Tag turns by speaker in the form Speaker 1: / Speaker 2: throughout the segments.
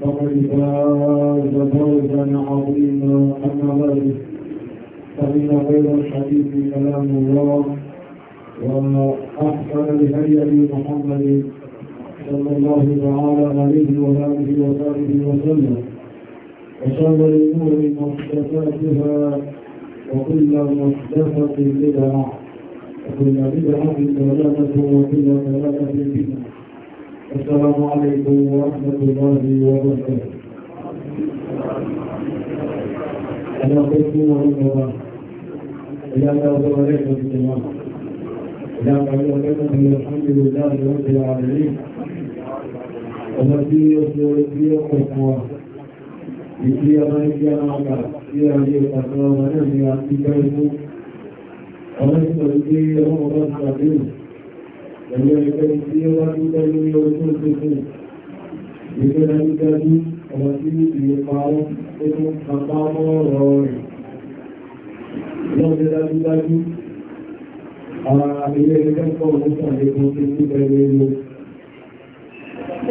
Speaker 1: فقد فاز فوزا عظيما اما بعد فان خير الحديث كلام الله واحسن لهدي محمد صلى الله تعالى عليه واله وصحبه وسلم وشر الامور محدثاتها وكل محدثه بدعه وكل بدعه ثلاثه وكل ثلاثه بدعه السلام عليكم ورحمة الله وبركاته أنا قلت لهم الله إلى أن أرضوا عليكم الجماعة إلى أن أرضوا عليكم الحمد لله رب العالمين ومسيح يسير قوة ìdí ọmọ ìdí ọmọ àgbà tí a lè pàtàkì ọmọ náà ni a ti gbẹ́ ikú ọmọ ìsọ̀rọ̀ pé ọmọ ọmọ ìsọ̀rọ̀ ẹ̀yẹ ìfẹ́ tí wọ́n ti tẹ́ ní ojú òṣèlú ìfẹ́ dájúdájú ọmọ tí ìrìnpa wọn tó tún kápá mọ́ ọ̀rọ̀ rẹ̀ lọ́dẹ́ dájúdájú ilé ẹgbẹ́kọ̀ òṣàlékún ti ní bẹ̀rẹ̀ ló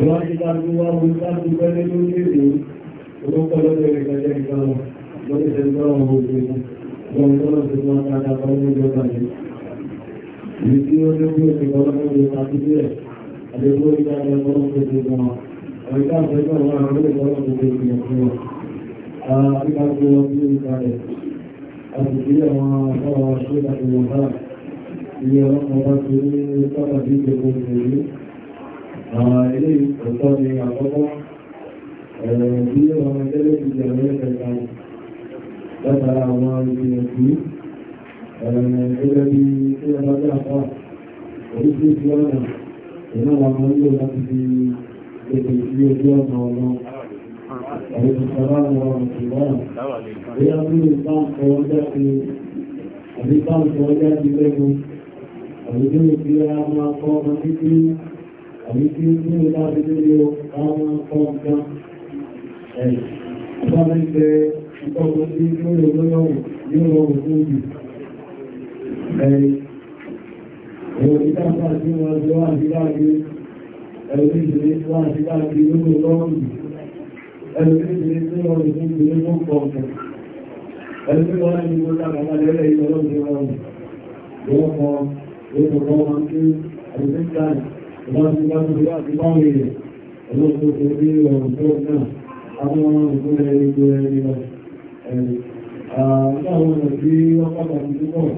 Speaker 1: wọ́n ti dájú wá wọ́n dájú bẹ̀rẹ̀ ló léèrè orúkọ lọ́dẹ̀ ìgbẹ̀jẹ̀ ìgbà wọn lọ́dẹ̀ ìgbẹ̀jẹ̀ ìgbà wọn Ìgbésí ó ní bí ó ti wọ́n lọ́wọ́ ní àti bí ẹ̀, àdébó ìgbà ẹgbẹ́ ọlọ́run tó ti gbọ́n. Àwọn ìgbà ẹgbẹ́ ọlọ́run tó ti gbọ́n tó ti gbọ́n fún wọn. Àbíká gbé wọn bí ìgbà rẹ̀. Àti bí àwọn ọ̀rọ̀ ṣe láti wọ̀n bá. Ilé ọlọ́run bá ti ní sábà bí gbogbo ìrìn. Ilé ìtọ́ ni àkọ́kọ́. Bí ọmọ ẹgbẹ́ gẹ́gẹ́ bí tí ẹ bá jẹ́ àpá oríṣiríṣi ọ̀nà ìná wa máa ń lò láti fi ètò ìfi ojú ọ̀nà ọ̀nà
Speaker 2: àwọn ìṣọ̀rọ̀ àwọn ìṣọ̀rọ̀ bóyá
Speaker 1: bí ìbáǹkọ̀ ọjọ́ ti àbí ìbáǹkọ̀ ọjọ́ ti lẹ́nu àbí tí ó fi a máa kọ́ ọmọ títí àbí tí ó yóò rọrùn fún ìgbà ẹ̀rọ ìdáta tí wọ́n jọ wá sí láàrin ẹ̀rọ ìdílé tí wọ́n sí láàrin lórí lọ́rùn ẹ̀rọ ìdílé tí wọ́n rí fún ìdílé mọ́ pọ̀pọ̀ ẹ̀rọ tí wọ́n rí mọ́ láàrin lẹ́lẹ́ ìlọ́rùn lọ́rùn lọ́wọ́ kan lórí ọ̀rọ̀ wọn kí ẹ̀rọ tí wọ́n rí láti báwọn èèyàn ẹ̀rọ tó ti rí ọ̀rọ̀ tó náà àwọn ọ̀rọ̀ tó rẹ̀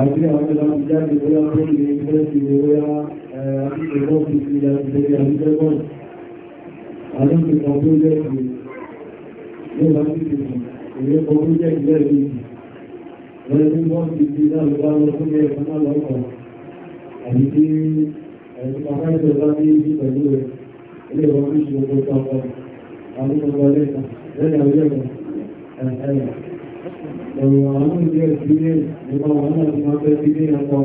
Speaker 1: àti àwọn ẹlọ́pù jáde bóyá tó lè fẹ́ sí bóyá àtìkẹ́kọ́ fi sí àtìkẹ́kẹ́ àtìkẹ́kọ́ àtìkẹ́kọ́ pọ́jẹ́kì lẹ́yìn àtìkẹ́kọ́ ìrẹ́kọ́ pọ́jẹ́kì lẹ́yìn lẹ́yìn wọ́n ti fi láàrín bá lọ fún ẹ̀kọ́ náà lọ́kọ̀ àti tí ẹ̀sùn àwọn ẹ̀sẹ̀ bá ní ìjì pẹ̀lú rẹ̀ ilé ìwọ̀n ní ṣe ọjọ́ pàpọ̀ àwọn ọmọ lẹ́yìn àwọn ẹ̀yẹ̀ ẹ̀wọ̀n àwọn ìjẹ́ ìpínlẹ̀ nípa wọn náà ti máa fẹ́ sílé ẹ̀kọ́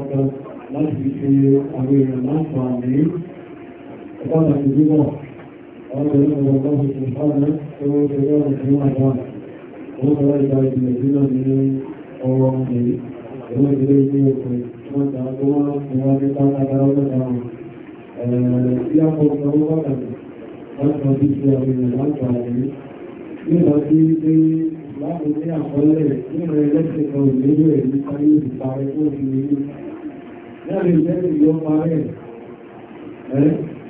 Speaker 1: láti fi àwọn èèyàn láǹfààní ẹ̀kọ́ àti bíbọ̀ àwọn wọ́n àjọ àwọn ọ̀rọ̀ ìgbà ìjìnlẹ̀ sílẹ̀ ní ọwọ́ ọ̀gbẹ̀rẹ̀ ẹ̀wọ̀n ìjẹ́ ìjẹ́ ìjẹ́ wọ́n ta tó wọ́n fi wá ní pátákárá lọ́ta wọn tí a kọ́ ọ̀pọ̀ láti ní àkọọ́lẹ̀ nínú ẹlẹ́sìn kan ìlérò ẹ̀ nípa ní ìparẹ́ tó fi ní ní láti ìjẹ́sìn parẹ́ ẹ̀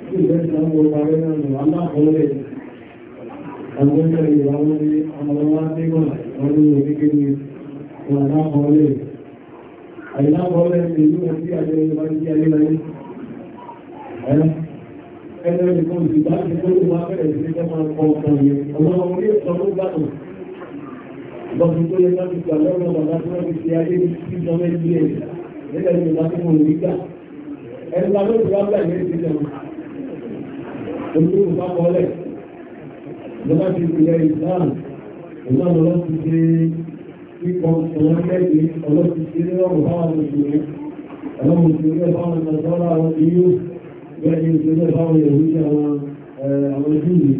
Speaker 1: tí ìjẹ́sìn náà wọ́n parẹ́ náà nù alákọọ́lẹ̀ àgbẹ́jọ́ ìyàwó ní ọmọlọ́wọ́ nígbà ọdún oníkíní wọn alákọọ́lẹ̀ àìlákọọ́lẹ̀ ti ní wọn sí lọ́sí tó yẹ lọ́sí tó lọ́rùn ọ̀nà tó lọ́sí ti ayé títọ́ méjì ẹ̀ nígbà tí ìgbà tí mo rí gbà ẹni bá lóṣù bá bẹ̀rẹ̀ méjì lọ olùkọ́ bá kọ́lẹ̀ lọ́ba ti fi ẹ̀ ìsáàmù ìlànà lọ́sí ti kíkọ ọlọ́mẹ́gbẹ̀ẹ́ ọlọ́sí ti rí ọ̀rùn báwọn mùsùlùmí àwọn mùsùlùmí báwọn nàìjọ́ra àwọn ìyú bẹ́ẹ̀ ni mùsùlùmí báwọn ìyẹ̀wù ní àwọn àwọn ìdílé.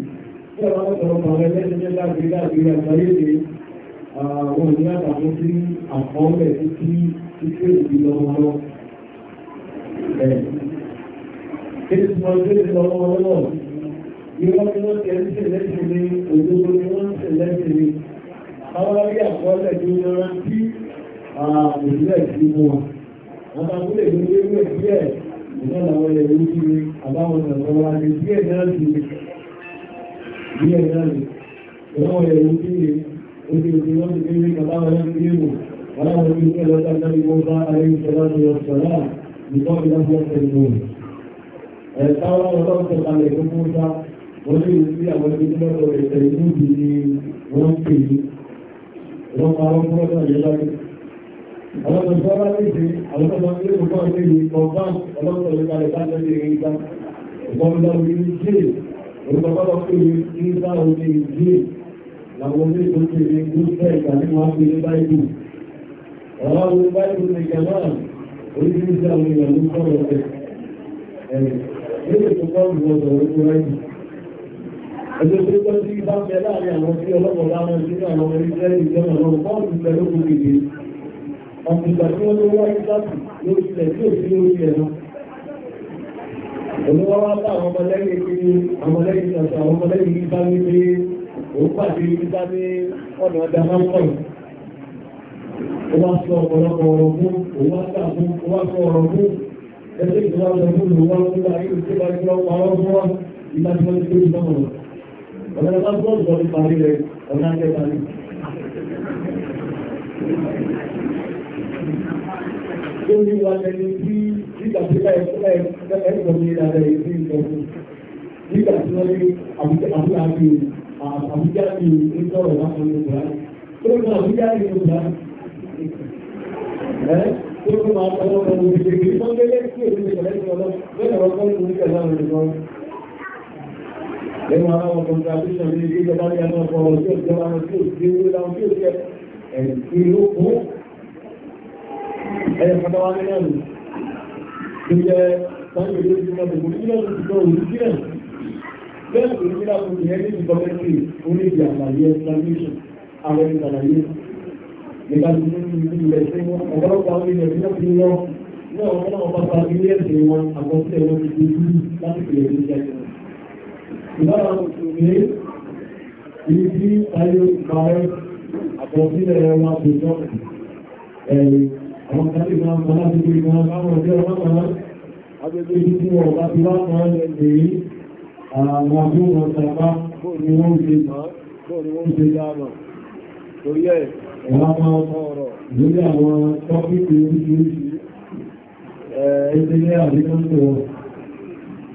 Speaker 1: Ṣé àwọn ọ̀rọ̀ pàrọ̀ ẹlẹ́sìn ní láti láti àgbáyé wọ́n ní àtàkó sí àkọọ́lẹ̀ tí kí títí èdè lọ́wọ́lọ́ Ìwọ́n ni wọ́n tẹ̀lé ṣẹlẹ́ṣẹ̀ ní òjòjò ni wọ́n ṣẹlẹ́ṣẹ̀ ní. Àwọn arí àkọọ́lẹ̀ tí ó rán tí àmìlẹ̀ sí mú wa. Àwọn abúlé ní ewé díẹ̀ ìdánàwọ̀ ẹ̀rọ ojú ni àbáwọn ọ̀rọ̀ wa ní díẹ̀ náà sí. Díẹ̀ náà ni. Ìwọ́n ẹ̀rọ ojú ni إذ يؤمنون بإذنك الله لم يؤمنوا ولا يؤمنون إلا النبي موسى عليه الصلاة والسلام بقول لم يكذبون Ẹ̀sáwọ́ ọlọ́run tó kalẹ̀ tó mú sá, orí ìsí àwọn ibi lọ́dọ̀ ẹ̀sẹ̀ inú bí ní wọ́n pè ní, wọ́n máa wọ́n mú ọdọ̀ yẹn lábẹ́. Ọlọ́run tó sọ́rọ́ léṣe, àwọn ọmọ ilé ìwọ̀n ilé ìkọ̀ọ̀bán ọlọ́run tó kalẹ̀ bá lọ́dọ̀ ẹ̀rí ìgbà. Ìgbọ́n lọ́run ní ìjì, orúkọ làwọn onígbò tí ní gúúsẹ̀ ìgbàmí wọ́n fi ní báìbù ọ̀rọ̀ àwọn báìbù ní jama oríṣiríṣi àwọn èèyàn ló kọ́ rẹ̀ ẹ̀rẹ̀ lórí tó kọ́ ìwọ̀n sọ̀rọ̀ tó ráìbù ẹjọ́ tó kọ́ sí bá fẹ́ láàrin àwọn tí ọlọ́pọ̀ láwọn sí àwọn ọmọ ìṣẹ́lẹ̀ ìjọba lọ́wọ́ bọ́ọ̀lù pẹ̀lú òkèdè ọ̀pùgbà tí wọ́n ló wáyé sáàtì lórí ilẹ̀ tí ò sí lórí ẹ̀nà olówó wá bá àwọn ọmọlẹ́yìn kiri àwọn ọmọlẹ́yìn ìtàṣà àwọn ọmọlẹ́yìn ìbá wípé òun pàdé nígbà ní ọ̀nà ọ̀dà máa ń kọ̀rọ̀ ó wá sọ ọ̀pọ̀lọpọ̀ ọ̀rọ̀ fún òun wá sà fún ó wá sọ ọ̀rọ̀ fún ẹgbẹ́ ìjọba ọ̀rọ̀ fún òun wọ́n ní parí rẹ̀ ọ̀nà kẹta ni àbújá ní ìtọ́rọ̀ láti ní ìgbà tó kọ́ àbújá ní ìgbà ẹ́ tó kọ́ máa tọ́lọ́ ọmọ ìgbègbè tó lélẹ́ sí èdè ìṣẹ̀lẹ̀ ìṣẹ̀lẹ̀ lẹ́nu ọkọ̀ ní ìṣẹ̀lẹ̀ láwọn ìṣẹ̀lẹ̀ lẹ́nu àwọn kọ̀ǹtàbíṣàn ní ilé ìjọba ní àwọn ọkọ̀ ọ̀sẹ̀ ìjọba àwọn tí ó ti rí láwọn tí ó jẹ́ ẹ̀sìn ló kú ẹ̀yẹ kọ́tà wá nílẹ̀ nù tó jẹ́ sáyẹ̀ lórí ìjọba ìgbòmí bẹ́ẹ̀ tó ní bí láti ní ẹni ti gọ́mẹ́ntì oníbi àlàyé explanation àwọn ẹni àlàyé nígbà tó ní ìlú rẹ̀ sí wọn ọ̀pọ̀lọpọ̀ àwọn ilẹ̀ ní ọ̀pọ̀ wọn ní ọ̀pọ̀ náà bá pa ilé ẹ̀sìn wọn àkọsílẹ̀ wọn ti dojú láti fi ẹ̀sìn jẹ́ ìbára òṣèré ibi tí ayé parẹ́ àkọsílẹ̀ wọn ti jọ ẹ̀yìn àwọn kàtí máa ń pa láti fi ìgbà àwọn àwọn ọmọ ọ̀sẹ̀pá ni wọ́n fi torí ẹ̀ ẹ̀wọ́n máa sọ̀rọ̀ lórí àwọn tọ́pìtì oríṣiríṣi ẹ̀ẹ́sẹ̀lẹ́ àríkọ́sọ̀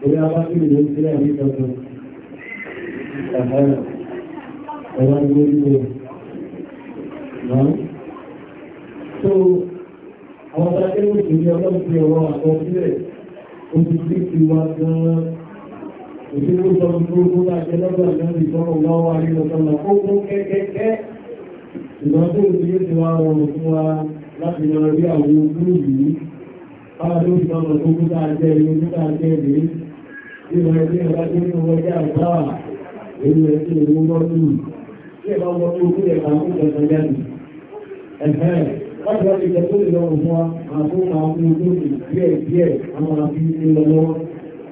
Speaker 1: orí abájúlẹ̀ lóríṣẹ́lẹ̀ àríkọ́sọ̀ ẹ̀wọ́n lórí rẹ̀ náà tó àwọn tàbí òṣèlú ọlọ́pìtì ọwọ́ àkọsílẹ̀ òṣèré sọ gbogbo láti lọ́gbà lẹ́nu ìtọ́rọ̀ lọ́wọ́ àríwọ̀sọ́nà ó kẹ́kẹ́kẹ́ ìgbọ́n tó ti ti wá rọrùn fún wa láti lọ rí àwọn ogún wọ́n ẹgbẹ́ wá ti jẹ́ tó lè lọ́rùn fún wa àfún àwọn ogún yìí díẹ̀ díẹ̀ àwọn àfi ń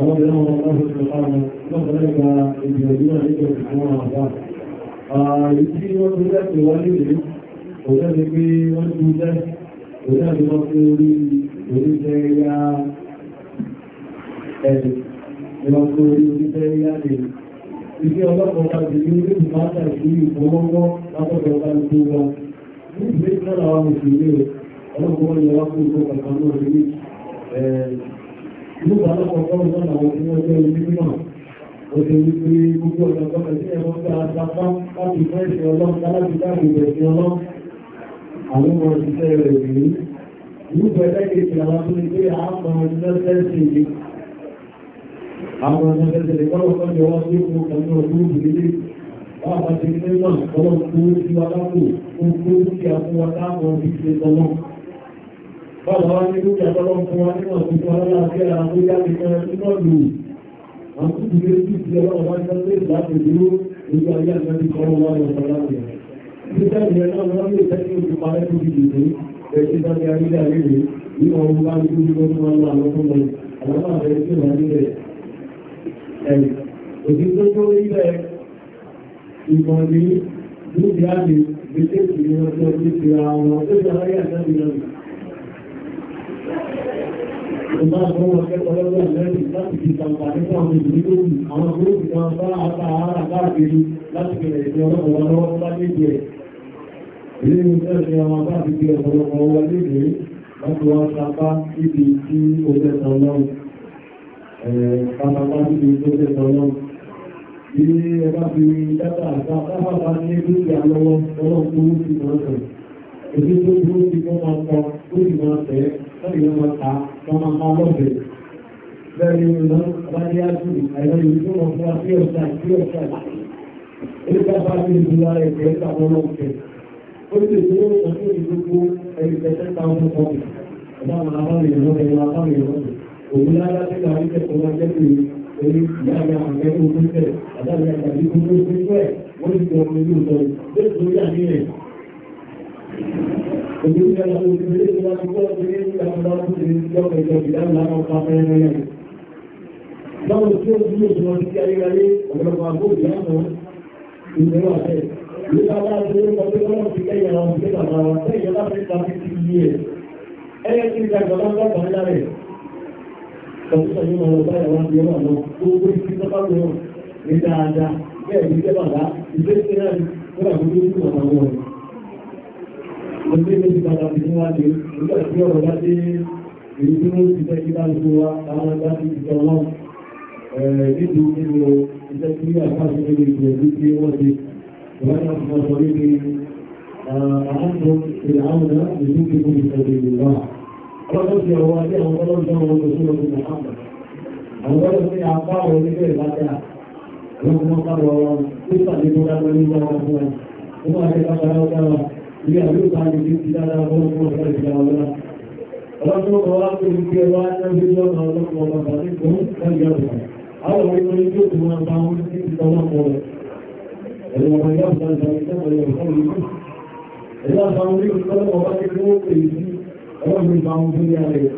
Speaker 1: أولا الله سبحانه لذلك الجديد عليك سبحانه وتعالى يجري وكذلك والده وذلك والده وذلك مصيري ورسايا Ìwọ̀nkúrí oríṣẹ́ ìyáde. Iṣẹ́ ọlọ́pọ̀ láti ní orí ìmáta sí ìfowópọ̀ látọ̀dọ̀ ọba tó wá. Ní ìgbésẹ̀ àwọn mùsùlùmí Nígbà lọ́pọ̀ ọgbọ́n lọ́nà àwọn tí wọ́n jẹ́ ibi mímọ̀. Ó ti rí pé gbogbo ọ̀nà ọgbọ́n tí ẹ̀rọ ń gbà sápá láti fẹ́ ìṣẹ́ ọlọ́pàá láti dáàbò ìbẹ̀sẹ̀ ọlọ́. Àwọn ọmọ ìṣiṣẹ́ rẹ̀ rí. Irúfẹ́ lẹ́gbẹ̀ẹ́ ti àwọn tó ní pé àwọn ọmọ ìṣiṣẹ́ ṣe àwọn ọmọdé kọ́lọ̀kọ́ jẹ wọ́n tí ó kàn ní ọdún ìdílé wọ́n àti ilé náà kọ́lọ̀kọ́ tí wọ́n lápò ó kó tí a fún wa táwọn ìṣẹ́ tọ́lọ́pàá bọ́ọ̀lù wọn ní lókè àtọ́lọ́ fún wọn níwọ̀n tó fún ọlọ́lá sí ara tó yá ti kan nínú ìlú àwọn tó ti lé sí ti ọlọ́run wá ní ọdún èdè láti dúró lójú ayé àti ọmọ wọn lọ sọ láti rẹ̀. Títẹ́ ìyẹn náà wọ́n lè tẹ́sí ojú parẹ́ tó ti dìde ẹ̀sìn tàbí ìrìnàjò ìgbà àwọn akẹ́kọ̀ọ́ lọ́wọ́ lẹ́yìn láti fi ṣàǹfààní fún àwọn ìlú lórí àwọn gúrúùpù kan bá àta ara káàkiri láti bẹ̀rẹ̀ ìdí ọlọ́pàá wọn lọ́wọ́ tó bá léde ẹ̀. Ilé ní sẹ́ẹ̀ ni àwọn bá ti di ọ̀pọ̀lọpọ̀ wọn léde láti wá sapá síbi tí ó tẹ̀sán náà. Pàtàkì síbi tó tẹ̀sán náà. Ilé ẹ̀ka fi dáta àta sábàbá ní dúkìá lọ́wọ́ ọlọ́pàá tó ti máa tẹ̀. Èdè tó dúró ti fọ́ máa kọ tó ti máa tẹ̀ lórí wọn ta wọn máa máa lọ́bẹ̀ bẹ́ẹ̀ ni wọn bá ní ájú àìlọ́ yìí tó wọn fún àti ọ̀sà àti ọ̀sà ilé bá bá ní ìlú ara ẹ̀kẹ́ táwọn ọlọ́pẹ̀ ó sì tó wọn sọ fún ìdókòó ẹ̀ẹ́dẹ́gbẹ̀ta táwọn ọkọ̀ ọ̀dà àwọn abáwọn Èyí ń yọ ìgbèrè tí wọ́n ti wọ́n ti rí ìjọba tó ti rí ìjọba ìjọba ìdáhùn láwọn ọ̀pá fẹ́rẹ́ rẹ̀. Báwo tí ó bí òṣùwọ́ ti kí ayérayé ọ̀pọ̀lọpọ̀ àgbò ìyáàmọ́ ìgbèrè ọ̀tẹ̀. Ìlú bàbá ti rí ọdún lọ́wọ́ ti kẹ́yìn àwọn òṣìṣẹ́ bàbá wa tẹ́ ìjọba fẹ́ ta sí ti yí ẹ̀. Ẹyẹ ti ń dàgbà bá bàbá ńlá rẹ̀. Kọ̀síṣọ̀ yóò máa lọ bá ìyàwó àti ìyàwó àlọ́. Gbogbo ìfi sọ́kà lọ ní dáadáa. Bẹ́ẹ̀ ni ìjẹ́ bàbá, ìgbésẹ̀ náà ní wọ́n àgbójú ní ọ̀pọ̀ àwọn ọ̀rọ̀. Ìgbésẹ̀ ti padà sí níwájú, nígbà tí ọ̀rọ̀ bá dé èyí tí ó ti tẹ́ kíkà lóko wa, àwọn ọ̀dá ti ti tọ́ wọn. Nínú nínú iṣẹ́ tí àkáṣe lórí ìgbìyànjú tí wọ́n ti, ìwádìí àti ọ̀sọ̀ lórí àwọn tó ṣe àwọn ọ̀dá ìlú tí kò ní sọ̀rọ̀ ìlú náà. Ọlọ́dún ti ọwọ́ adé àwọn ọlọ́dún náà wọn kò sí ọdún náà. Àwọn ọlọ́dún ti apá wọn níbẹ̀ lájà. Wọ́n mọ́ ká lọ pípàdé tó dágbẹ́ nígbà wọn fún ẹ. Ó máa ṣe ká ilé àdúgbà ní ti tó ń pẹ́ wá lọ́gbẹ́ lọ́nà ọlọ́pọ̀ ọba bàbí kò ń kájá ọ̀la àwọn ọmọ ilé tó tó máa bá wọn sí ti tọ́lọ́pọ̀ ẹ̀rọ ọmọ ìyá ọ̀la ìjọba ìjọba ìjọba ìjọba ẹ̀rọ ọmọ ilé tó tọ́lọ́pọ̀ bá ti kó pè sí ọlọ́pọ̀ ìgbà wọn fún yá rẹ̀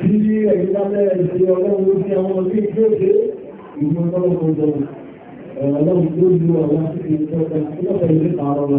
Speaker 1: Títí ẹ̀yìn lábẹ́ ìṣẹ́ ọlọ́run sí àwọn ọdún tí ó ṣe ìgbọ́n ọlọ́run ọjọ́ ọ̀rọ̀ ọlọ́run tó ìjọba ìjọba ìjọba ìjọba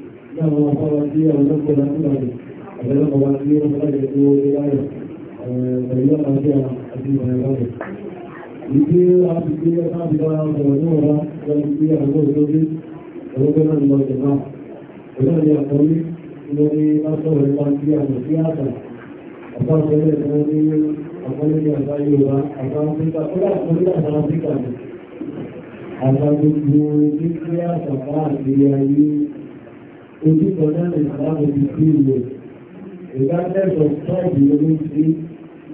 Speaker 1: náà wọ́n fọ́wọ́ sí ọ̀dọ́gbọ̀n lápúlàdì ọ̀dọ́gbọ̀n wá sí ọ̀dọ́gbọ̀n tó láyọ̀ pẹ̀lú àjẹ́ àti ìrìnlọ́dẹ̀. Ìdí láti gbé láti bá ọ̀rọ̀ ní ọ̀rá láti gbé àwọn òṣèré ọ̀rọ̀gbọ̀n náà lọ jẹ̀ náà. Ìjọ́ ni àkọ́rí ilẹ̀ ni lásọ̀rọ̀ ẹ̀ka sí àmì sí àtà. Ọ̀pá ṣẹlẹ̀ tó ní àkọ́rí ní àgbá Yorùbá, àgbá Áfíríkà, ó yà kọ́rí àgbá Áfíríkà ni. Àgbà gbogbo ní kí àṣà bá àti ayé ojú kọjá lè sáàbò ti sí ilé ìgbàlẹ́sọ̀ sọ́ọ̀bù orí sí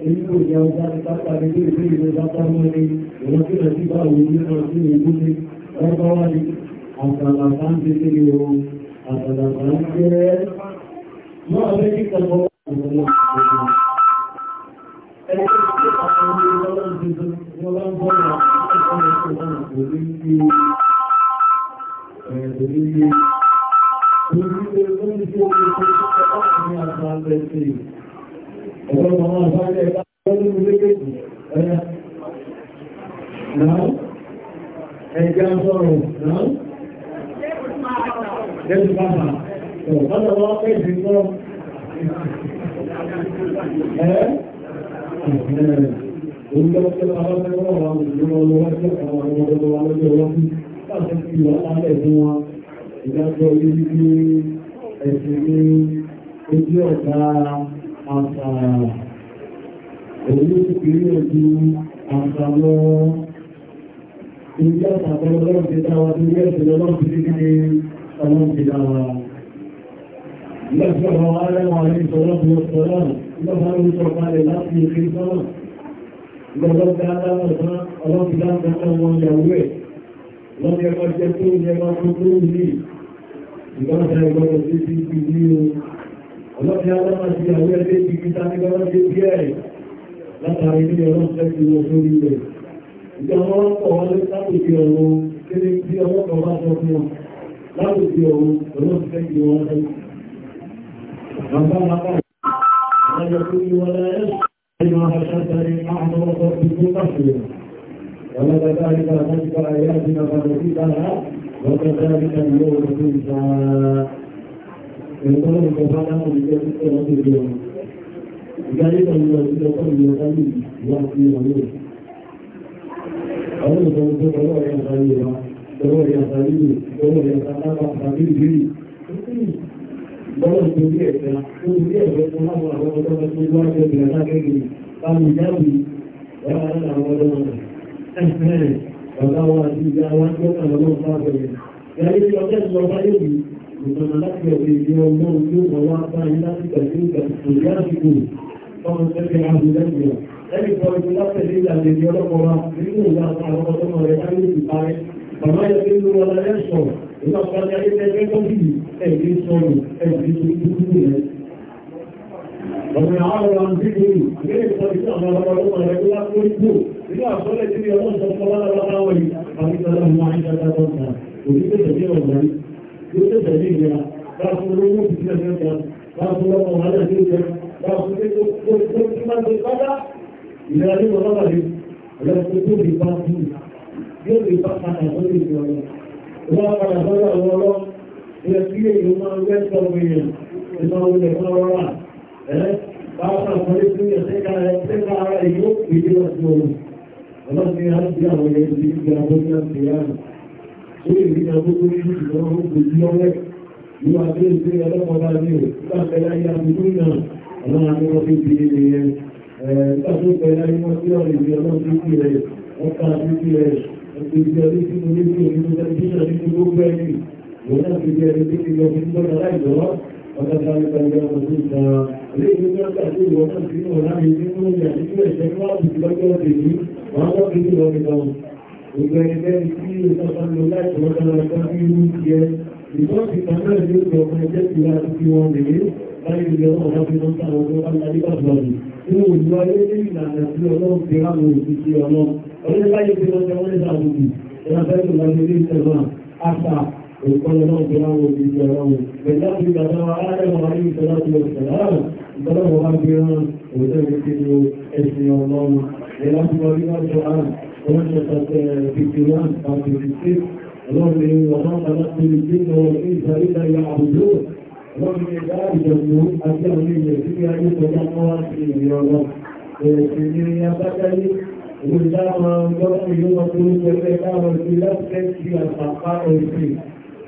Speaker 1: èyí kò jẹ́ ọjá pápá ní pé ìpé ìlú pápá mọ́rin ìwọ́n tí lọ sí bá òun nínú sí ìlú ní ọgbọ́n wá ní àtàlàfà ń ti sí ìlú àtàlàfà ń jẹ́ náà lé ní kọ̀kọ́ Thank you. Ẹgbẹ́ sọ́rọ̀ náà. Lẹ́gbẹ́ bàbá. Ọ̀pọ̀lọpọ̀ wọ́n pè sí mọ́. Ẹ́ ẹ̀ẹ́ ìgbẹ́lẹ́gbẹ́ bàbá mẹ́wọ́n wà ní ìlú ọlọ́wọ́ ìdájọ́ orí ní ẹ̀sìn ní ojú ọ̀dá àṣàrà èyí ìpínlẹ̀ ojú àṣàlọ́ ilé àtàkọ́ ọlọ́run ti dáwà tó ilé ẹ̀sìn ọlọ́run ti ní ní ọlọ́run ti dáwà Ilé-ẹ̀sọ́ àwọn arẹ́wọ̀n àrí ìṣọ́lọ́pù ọ̀sọ̀lọ́run, ilé-ẹ̀sọ́ àwọn ìṣọ́kalẹ̀ láti ìfẹ́ sọ́rọ̀. Ìgbẹ̀lọ́gbẹ̀ adáwọ̀sán, ọlọ́pìdá ń gbẹ̀ẹ́ wọn ìyàwó ẹ̀, lọ́dẹ̀ ọjọ́ tó ń yẹ ìgbọ́nṣẹ́ ìgbọ́nṣẹ́ sí ti fi ní ọlọ́pẹ́ aláwọ̀ sí àwọn ẹgbẹ́ ti fi tàbí lọ́wọ́dé díẹ̀ látàrí ní ọlọ́pẹ́ ti wọ́n sórí rẹ̀ ìjọba wọn pọ̀ wọn lé sábòkè ọ̀run kéré tí ọlọ́pàá bá sọ fún wọn lábòkè ọ̀run ọlọ́pẹ́ ti wọ́n sọ Bàbá bàbá ìrìnàjò tó yí wọn lẹ́yìn ẹ̀yìn wọn aṣáṣárí àwọn ọmọ ọkọ̀ tó tó bá ṣe وكذلك اليوم تنسى يقول سبحانه لذلك رب اليوم ذلك الذي يقول يغني يعطي غنيه أول من تقول يا غنيمة تقول يا غنيمة تقول يا غنيمة حبيبي Bọ́lá tó rí ẹ̀fẹ́ tó rí ẹ̀fẹ́ tó láwọn àwọn ọmọdé ọmọdé tó wá ṣe bẹ̀rẹ̀ lágbègbè, bá mi jáwé, ẹ̀rọ àwọn ọmọdé ọmọdé bàbá wa àti ìyá wa tó kà lọ́wọ́ bá bẹ̀rẹ̀. Ìyáyé ní ọjọ́ ìlọ bá yóò bí ìgbọ̀nà láti ọ̀dọ̀ ìdí ọmọ tí ó bọ̀ wá bá yín láti pẹ̀lú ìgbàlùkù lásìkò ọmọ tẹ́lẹ̀ àbúlẹ́gbẹ̀ẹ́. Ẹni kan ti látẹ̀lé ìlànà ìdí ọlọ́pọ̀ wa nínú ìlà àwọn ọmọ rẹ̀ láyé ti parí. Bàbá yẹ kí ló wọn lẹ́sọ̀ ìlọ́pàá ní ayé tẹ́lẹ̀ ومن عمل عن ذكري ليس بسعنا لبرون يقول أقولكم إذا صلت لي أنصر صلاة الأقاوي فإن له معيشة تنسى وجدت تجيب الله جدت تجيب الله لا تقولوا في تلك لا تقولوا هذا تلك لا تقولوا كل ما تلقى إلى أن الله لا تقولوا في باطل يقول بقى أقول لك وقال هذا الله يكفيه ما يكفيه ما يكفيه Báwọn àpọ̀lẹ́sí ẹ̀ṣẹ́ka ẹ̀ṣẹ́ka ara ìlú ìdí ọ̀sán orí. Ọlọ́sìn àti àwọn ẹ̀yẹ́ ti gbé abọ́jú àti ìyáàrùn. Ṣé ìrìn àbúkú ní ìṣòro ó kò sí ọwẹ́? Ìwà tí ó ṣe ọlọ́pọ̀lá ní ò, ìgbàfẹ́ láyé àbúkú náà, ọlọ́run àti wọ́n fi ti ní ẹ̀. Ìgbàfẹ́ láyé wọ́n sí ọ̀rẹ́ ìgbẹ́ ọlọ́run tó kí rẹ̀, ọkà tó kí rẹ̀, ọ̀sẹ̀ ìgbẹ́ ọdún tí mo ní kí òun ní mo tẹ́lifíṣàn ní gbogbo ẹni. Ìwọ́n náà ti di ẹni tó ti lọ sí gbọ́dọ̀ láìjọ́. وكذلك اليوم الجزاء ليه يقول تأثير وتنفيذ ونعم يجبون يحسين الشكوى بتبقى به وهذا به وبدون وكان ذلك فيه تطللات وتنفيذ لذلك كمان يرجع وكانت لا تكون به غير اليوم حفظ الله وقال الذي أفضل إنه الوالد إلا أن يسلو لهم كرام ويسلو لهم وإن لا يسلو لهم كرام ويسلو لهم إلا فإن الله يريد أفضل وقال له كلامه في كلامه فالذي كلام آدم عليه الصلاة والسلام بلغ ربنا وتذكر اسم الله لأنه ربنا القرآن ونشطت في الكلام أو في السير ربي وما خلقت الجن والإنس إلا يعبدون ربي ذلك الجنود أكرمي فيها يتجمع في الله ويسيرني يا بدني ولما انظر يوم كل كتاب في لفظك في الحقائق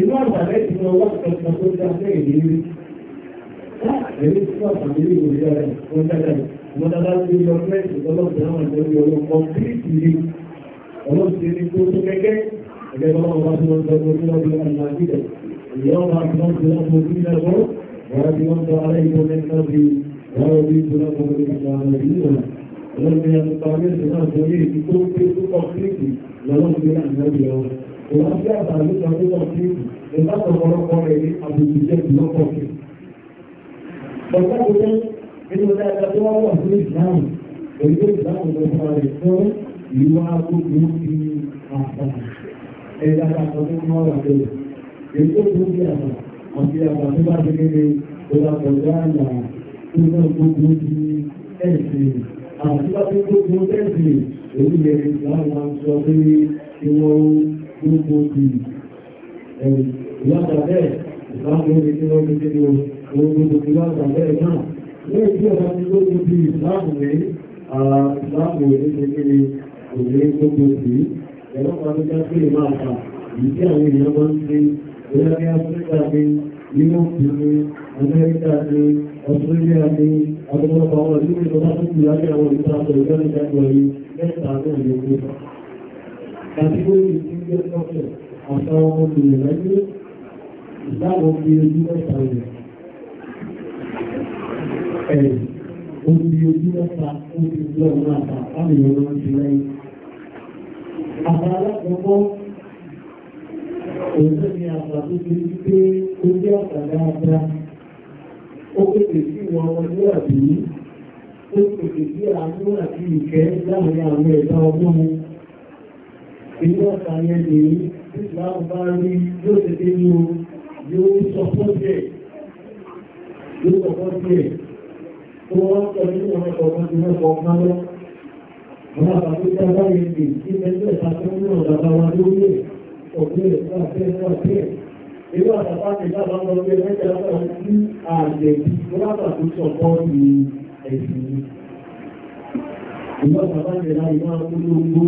Speaker 1: inú àgbàlẹ́ ti lọ wá ìtọ́jú tó dá sẹ́yìn ní rí èyí tí wọ́n tàbí rí ìwé rẹ̀ ó dáadáa mo dáadáa ti lọ fẹ́ ìtọ́lọ́pù náà ní orí ọlọ́ kọ́ńtírìtì rí ọlọ́sẹ̀ ní tó tó kẹ́kẹ́ ẹgbẹ́ bá wọn bá tí wọ́n tọ́jú ní ọdún ọdún àjílẹ̀ ìyá ọba tí wọ́n tọ́jú ní ọdún ìlẹ́gbọ́ wọ́n ti wọ́n tọ́ alẹ́ ìbọn mẹ́ta bí wọ́n rí ìtura kọ́ńtírìtì ìlànà ìlú ọlọ́sẹ̀ ní ọdún èèyàn jẹ́ àtàlù kan nínú ọtí ìgbà ọ̀pọ̀lọpọ̀ rẹ̀ ní àbùkù jẹ́ ìlọ́pọ̀ sí. Bọ̀dá kò tẹ́ nínú dáadáa tí wọ́n wọ̀ sí ìsìláàmù èyí tó ìsìláàmù lọ fún rẹ̀ fún ìwà gbogbo ti àṣà ẹ̀dá àṣà tó máa wà lẹ́yìn. Èyí tó kú sí àṣà àti àṣà tó bá ti kéde tó bá kọjá àlà tó bá gbogbo ti ẹ̀sìn àti gbogbo ti ìyáta bẹ́ẹ̀ ìsáàmù tí wọ́n ti kéde gbogbo ti láta bẹ́ẹ̀ náà lẹ́yìn tí ọ̀pá ti gbogbo ti ìsáàmù ní ìsáàmù ní ṣe kéde òní gbogbo ti ẹ̀rọ pàtó já sí ìmá àpá yìí tí àwọn ènìyàn máa ń ṣe bóyá ní áfíríkà ní yúróòpù ní amẹ́ríkà ní ọ̀sùnlẹ̀ ní agbọ́gbọ́ àwọn ìlú ìjọba tó kù lábẹ́ àwọn ìta àtọ̀rọ̀ ìjọba ìjọba yìí mẹ́ta náà ní ogun. Kàtíkórì lọ́pọ̀ ọ̀tọ̀ obìnrin lẹ́gbẹ́ ìdáàbò fi ojú mẹ́ta rẹ̀. Ẹ̀rì, omi ojú mẹ́ta omi lọ́wọ́ àtà láti lọ lọ́wọ́ ti lẹ́yìn. Àbá alákọ̀ọ́kọ́, òṣèlú ni àgbà tó ti rí pé ó jẹ́ àgbà dáadáa. Ó pèsè sí wọn ọmọdé àbí ó pèsè sí àánú àti ìkẹ́ láàárín àwọn ẹ̀dá ọgbọ́n èyí wọ́n ta yẹn lè rí ìsìláàmù bá rí yóò ti dé ní o yóò sọpọ́ díẹ̀ yóò sọpọ́ díẹ̀ tó wọ́n sọ ní ọmọ ọ̀gbọ́n ti mẹ́kọ̀ọ́ kan lọ àwọn àbájú tí a bá yẹn lè sí ẹgbẹ́ ìtàkùn ní ọ̀dà bá wa dábàá lọ sí ẹgbẹ́ ìjọba sí àjẹ̀bí, wọ́n bá tó sọ̀kọ́ ní ẹ̀sìn ìwọ́n àwọn olùgbò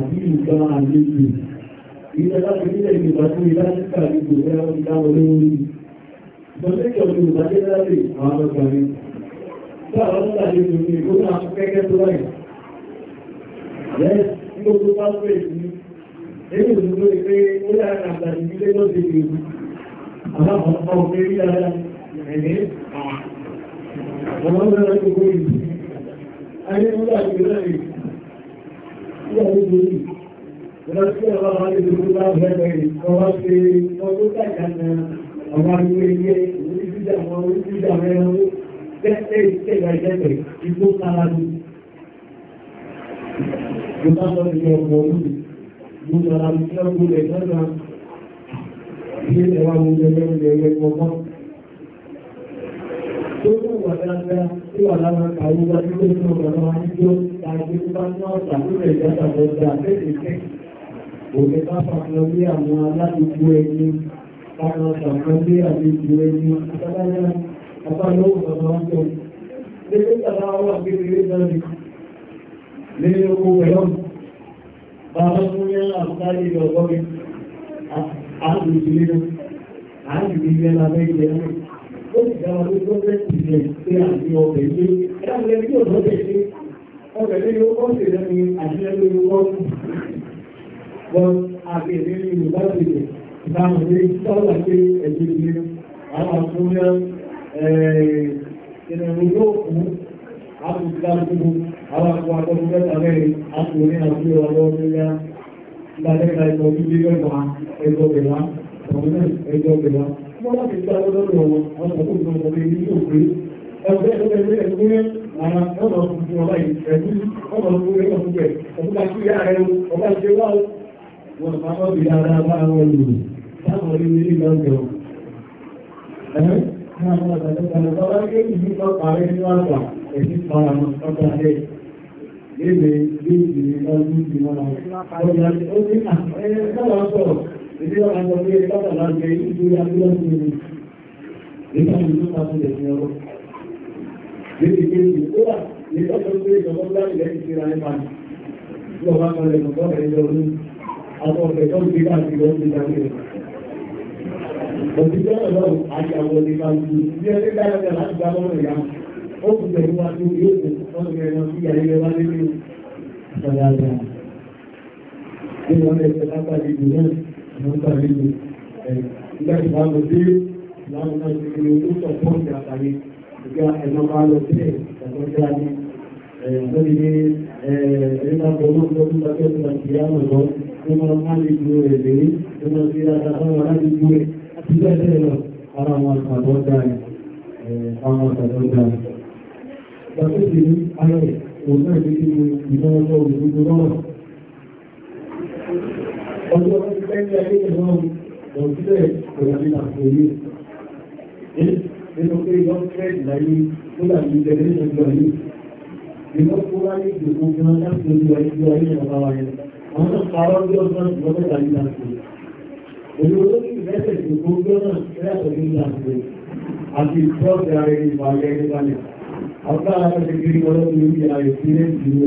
Speaker 1: ìpè báyìí ìgbà àlejò ìyẹn láti nílẹ̀ ìgbà tó ilá títà ìgbò ẹ̀rọ ìdáwọ̀ lórí ìgbọ́lẹ́kẹ̀ ọdún ìbájẹ́ láti àwọn ọgbàrin láàrín ọdún ìgbò ní ìgbóná kẹ́kẹ́ tó láì lẹ́yìn tí ó tó bá pẹ̀ sí ẹni òdúró ìpé ó láàrín àgbàrin ilé lọ́dẹ̀ ìgbò àwọn ọmọ ọmọ orí ara ẹ̀lẹ́ àwọn ọmọ ọmọ ìgbò ìgbò ayé mú láti rẹ̀ ìgbò ìrọ̀lẹ́sí ọlọ́run wọ́n ti dúró bá bẹ̀rẹ̀ ìkọwọ́ sí ọdún tàìkànnà àwọn arúgbó ilé oríṣìíjà àwọn oríṣìíjà mẹ́rin tẹ́tẹ́ ìtẹ́gbà ìtẹ́gbẹ̀ igbó Ìjọba lọ sí ọmọ olúbi, mo sọ̀rọ̀ àmì tí ọgbọ́n lè sọ́nà ilé ẹ̀wà mo jẹ lẹ́yìn ẹ̀yẹ gbọ́gbọ́n. Tó ní ìwà dáadáa tí wà lára òwe káfàkọ́ lé àwọn aládùúgbò ẹni káfàkọ́ lé àlejò ẹni àtàlẹ́ àbálòwò bàbá ń tọ́ lẹ́gbẹ́ tàbá wà kékeré dání lé oko ẹ̀rọ́n bàbá tó ní àbúkárí ìdọ̀gọ́ mi àdùsílẹ̀ àdùsílẹ̀ lábẹ́ ìjẹ́ náà ó sì dára ló tó fẹ́ ìjẹ́ pé àti ọbẹ̀ ilé ẹ̀rọ ẹ̀rọ ẹ̀rọ ọbẹ̀ ilé ọbẹ̀ ilé wọn àti ìrírí ìrùbáṣìlẹ̀ ìdáhùn ní sọ́wọ́ pé ẹ̀jẹ̀ ní àwọn àkúnyẹ́ ìrìnrìn yóò kú àtúntàkùn àwọn àkọ́ àtọ́kùn mẹ́ta mẹ́rin àtúnrí àti ọ̀rọ̀ ọ̀rẹ́yà ìgbàlẹ́gbà ìtọ́ bíbí lẹ́gbà ẹjọ́ bẹ̀rẹ̀ ọ̀rẹ́ ọmọ ọmọ wọn bá bọ́ bí ara bá àwọn olùrù táwọn orí ilé lọ́gbẹ̀ ọ̀. Ẹ̀hẹ́ àwọn ọ̀dọ̀dọ̀dọ̀ bá wá gé ìlú kan parí ní àgbà ẹ̀sìn para wọn lọ́gbà rẹ̀. Lébe bí ìlú lọ́dún ti wọn lọ. Ó ní ẹ̀ẹ́ sọ́wọ́ sọ̀rọ̀ ìdí ọ̀rọ̀ àwọn ọmọ ilé lọ́gbà lágbẹ̀ ìlú abúlé ọ̀sìn Ìgbà ìlú máa ti lè fi ọrọ̀. Lébi kí ó wà ní ọjọ́ pé ìjọba ń bá ìlẹ́yìn síra ẹ̀ máa ní. Ìjọba ń bá ìlẹ́yìn àwọn ọ̀rẹ́ tó ń gbé láti lọ sí ìdájọ́ rẹ̀. Òṣìṣẹ́ ọlọ́run àti àwọn ọ̀rẹ́ máa ń ju bí ẹgbẹ́ dáadáa láti gbá lọ́rọ̀ ìyá. Ó kù tẹ̀lé wá sí orí òkú wọ́n ti rẹ̀ sí ayẹyẹ wá nínú ìṣẹ̀dáadáa. Bí wọ́n lè fẹ́ lágbàdì ìlú náà, wọ́n gbà nínú ìgbà ìbámu dé ìlànà ìṣẹ̀lẹ̀ tó sọ̀pọ̀ ìgbà àtàrí ìgbà ẹ̀nà máa lọ sílẹ̀ ìgbà tó lórí ní ẹ̀ẹ́dẹ́gbàgbọ́ olóògbé tó tàbí ọdún àti ìyá mọ̀lọ́ tó máa máa lè ju rẹ̀ lé tó máa fi ra àwọn aláàbí ju rẹ̀ àti bẹ́ẹ̀ bẹ́ẹ̀ lọ ara wọn àtàbọ̀ dáre àwọn àtàbọ̀ dáre. Gbàgbé ti ní ayẹ̀ òun náà ti ní ìmọ̀ ọjọ́ òdòdó lọ́rọ̀. Ọjọ́ ẹgbẹ́ ayé ìwọ̀n òṣìṣẹ́ òyàbí àkòrí. Nínú pé yọ́ fẹ́ ìlàyé tó dàbí ìjẹ́ ìlú kúrò ní ìdìbò tí wọ́n tẹ́sí ojú ẹgbẹ́ orí ìjọba wa yẹn wọ́n tó parọ́ bí ó sọ́nà ìgbọ́dọ̀ tàbí láti èyí olókì ìrẹsẹ̀ ìdìbò gbọ́nà ìrẹsẹ̀ ní láti àti ìtọ́jú ara ẹni ìwà ayé ẹni balẹ̀ ọ̀gá ara ti kiri wọlé ní orí ayé sí ilé ìdílé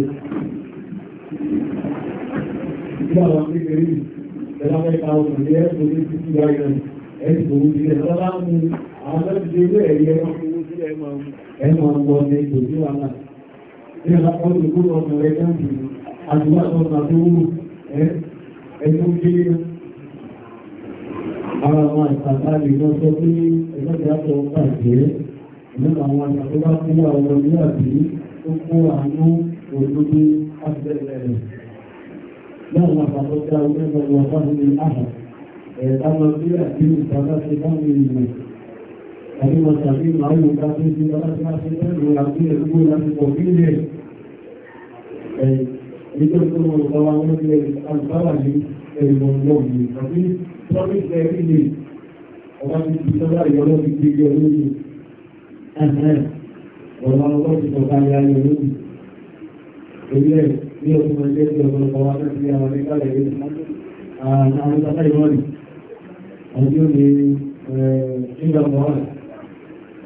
Speaker 1: ìdílé àwọn kékeré ìjọba ẹ̀ka ọ̀sán ní ẹ̀sùn ní ẹ̀rọ ọdún ìgbóná ọdún rẹ̀ náà jù àdúgbà ọ̀nà tó wù ẹ̀ẹ́dún gbé ara àwọn àìsàtà lè lọ sọ pé ẹgbẹ́gbẹ́ àtọ̀ ọ̀pá ìgbẹ́ ìlú àwọn àṣàkóbá fún àwọn ọmọdé àti tó kó àánú òdodo àbẹ̀rẹ̀ láwọn àpapọ̀ta orílẹ̀-èdè ọ̀pá ní àhà ẹ̀ẹ́dá lọ sí àti ìpàdásí bá mi ìrìn Àbí wọn tàbí àwọn olùkàtí ti láti láti tẹ́lú àti ẹ̀kú láti pọ̀ bí ilẹ̀. Ẹ̀yìn, nígbà tó wọn lọ wá wọ́n ti àlùbáwà ní ẹ̀rùn náà ní àbí tọ́lí ẹ̀rí lè ọba ti fi sọ́lá ìyọ́lọ́ ti gbé ẹgbẹ́ olóyè. Ẹ̀hẹ́n, ọ̀la ọlọ́ ti sọ̀tà ya ẹ̀rọ lóyè. Èyí ẹ̀ ní ọdún ẹgbẹ́ ti ọ̀pọ̀lọpọ̀ wa láti àwọn ẹgbẹ́ àwọn ọ̀tá ìwọ́n ni. Àjọ ni ẹ̀ẹ́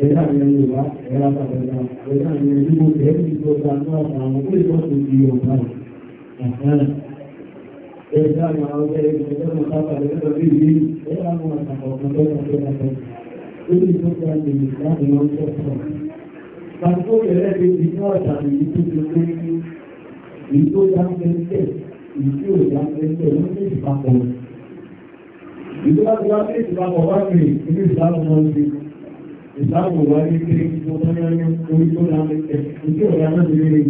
Speaker 1: ẹ̀ka ìyẹn Yorùbá ẹ̀ka àtàkùnà ẹ̀ka ìyẹn Yorùbá gẹ̀ẹ́sì tó ta náà àwọn pé tó ti di Yorùbá ẹ̀ka àwọn ọ̀gá ẹ̀ka ìjọba sábà lẹ́tọ̀ bí i ẹ̀ka àwọn àtàkùnà lọ́wọ́ tó ta tẹ̀ lórí tó ta lè láti lọ sọ sọ. Pàtó ìrẹ́ ti di ní ọ̀tà ìlú tó ti pé ìlú tó dá ń tẹ̀ ìlú tí ò dá ń tẹ̀ ló ní ìpapọ̀. Ìjọba ti wá sí ìpapọ̀ wá sí ìlú ìsáàmù náà ìsáàbò wá ní pé mo tán yá ní orí tó dá mi tẹ̀ ìdí ọ̀rẹ́ anábìrin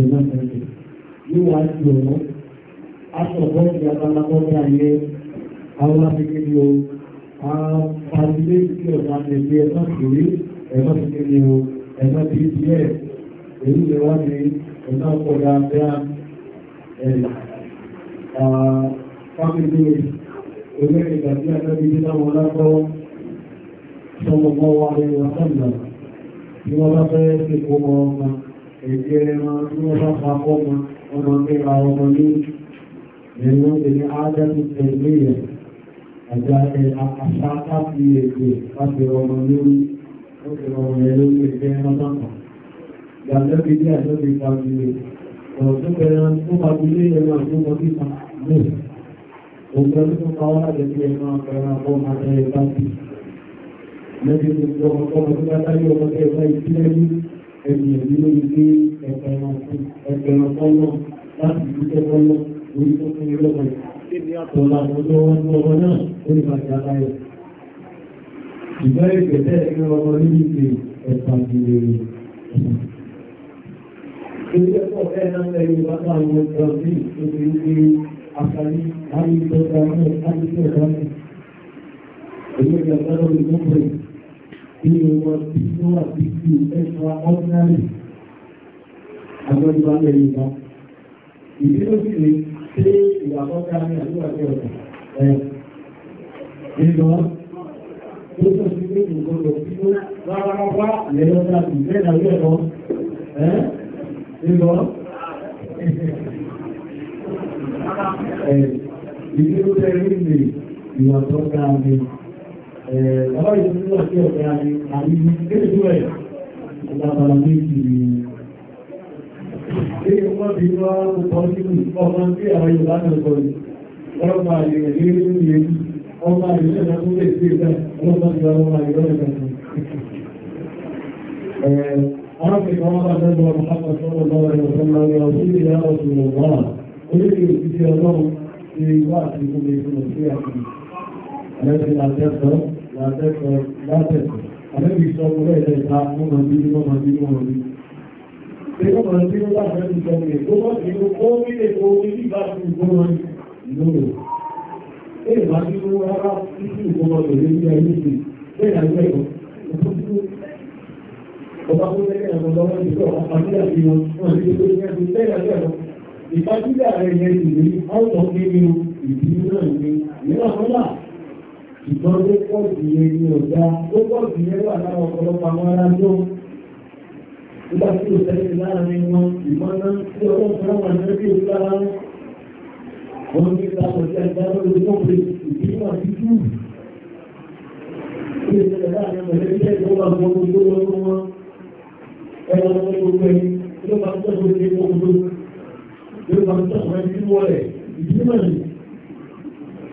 Speaker 1: ìgbà tẹ̀lé yóò wá sí ọ̀nà aṣọ bọ́ọ̀sì abalakọ́ ní ayé àwọn akékeré o àpàdé sí ọ̀dà àtẹ̀lé ẹ̀fọ́ ìwé ẹ̀fọ́ kékeré o ẹ̀fọ́ ti di ẹ̀ èyí lè wá ní ẹ̀fọ́ ọ̀dà abẹ́ ẹ̀là fámìlì olóyè ìgbà tí anábìrin náà wọn lábọ́ sallallahu alaihi wa sallam tí wọ́n bá fẹ́ sí kọmọ ọmọ ẹgbẹ́ ẹran tí wọ́n bá fa kọmọ ọmọ mẹ́ra ọmọ ní ẹ̀rọ ìní ájẹ́tù tẹ̀lẹ́yẹ̀ àjá àṣà káfí èdè láti ọmọ lórí ó ti rọrùn ẹ̀rọ ìgbẹ́ ẹran tọ́kàn yàtọ̀ bí díẹ̀ tó fi ta ìlú ọ̀rọ̀ tó bẹ̀rẹ̀ tó bá bí lé ẹran tó mọ́ bí ta lè òun tó lẹ́bí gbogbo ọmọ tó bá táyé ọmọ tẹ́ ẹ̀fà ìpínlẹ̀lú ẹ̀mì ẹ̀mí ló ní pé ẹgbẹ̀rún ọmọ láti ìpínlẹ̀ ọmọ orí tó fún ilé ọmọ ìtọ́lá ọjọ́ wọn ní ọmọ náà ó ní bàjẹ́ aláyọ̀ ìgbẹ́rẹ̀ ìgbẹ́tẹ̀ ẹgbẹ́ ọmọ nínú ìpè ẹ̀fà ìgbèrè Ilé ẹ̀kọ́ ẹ̀ náà lẹ́yìn bá bá àwọn ọjọ́ sí ìpínlẹ̀ àkàlí àyíkọ̀ọ́ta náà àyíkọ̀ọ́ta náà. Èyí ni ọ̀gá lórí gbogbo nínú wọn tí wọ́n wà sí sí extra ordinary agbẹ́jọba lẹ́yìn náà ìdí ló sì ní ṣé ìwà kọ́kọ́ ní àdúrà ọ̀tọ̀ ẹ̀ nínú wọn tó sọ sí pé nǹkan lọ sí pé rárá lẹ́yọ́ náà sì bẹ́ẹ̀ náà lẹ́yọ́ ẹ̀ nínú wọn ìdí ló tẹ́lẹ̀ ní ìwà kọ́kọ́ ní ọlọ́rọ̀ ìdúró sí ọ̀pẹ́ àmì àmì ìgbésẹ̀ tó ẹ̀ ọ̀pọ̀lọpọ̀ méjì ni ṣe wọ́n ti wá ọkọ̀ nínú ọmọ tí àwọn Yorùbá náà sọ ní ọlọ́pọ̀ àyè ìrírí nínú yẹn ọmọ àyè náà tó lè ṣe ìgbà ọlọ́pọ̀ ti wá ọmọ àyè lọ́rẹ̀ kan أعطيك وضع نبوة محمد صلى الله عليه وسلم لرسول يا رسول الله قلت لك يا الله في وقت يكون يكون فيها àlẹ́bí látẹ́kọ̀ọ́ látẹ́kọ̀ọ́ látẹ́kọ̀ọ́ àlẹ́bí sọ fún ẹ̀ẹ́dẹ́ ìta mọ́mọ́ bí ní mọ́mọ́ bí mọ́mọ́ bí. ṣé mọ́mọ́ bí ó bá fẹ́ ti sọ pé ó bá ti ló kó ní èkó ní bíbá ti gbọ́nà ìlú rẹ̀. ṣé ìbá ti ló ààrẹ yẹn ìlú àwọn ọ̀gbìn nínú ìdí náà ní ìlú àkọ́lá ìgbọ́n tó pọ̀ jù yẹn ní ọ̀gá tó pọ̀ jù yẹn wà láwọn ọ̀pọ̀lọpọ̀ àwọn ará tó nígbà tí ó tẹ́lẹ̀ láàrin wọn ìmọ̀nà tí ọkọ̀ fún àwọn ẹgbẹ́ tó lára wọn ní ìdáhùn sí ẹgbẹ́ tó lè tó pè ìdíwọ̀n sí jù Ilé ìṣẹ̀lẹ̀ láàrin mọ̀lẹ́bí ẹ̀dọ́ wà gbogbo gbogbo wọn. Ẹ̀rọ gbogbo ẹni ló máa ń tọ́jú ní gbogbo. Ló máa ń tọ́jú ẹni tí wọ́n rẹ̀. Ìdíwọ̀n yìí.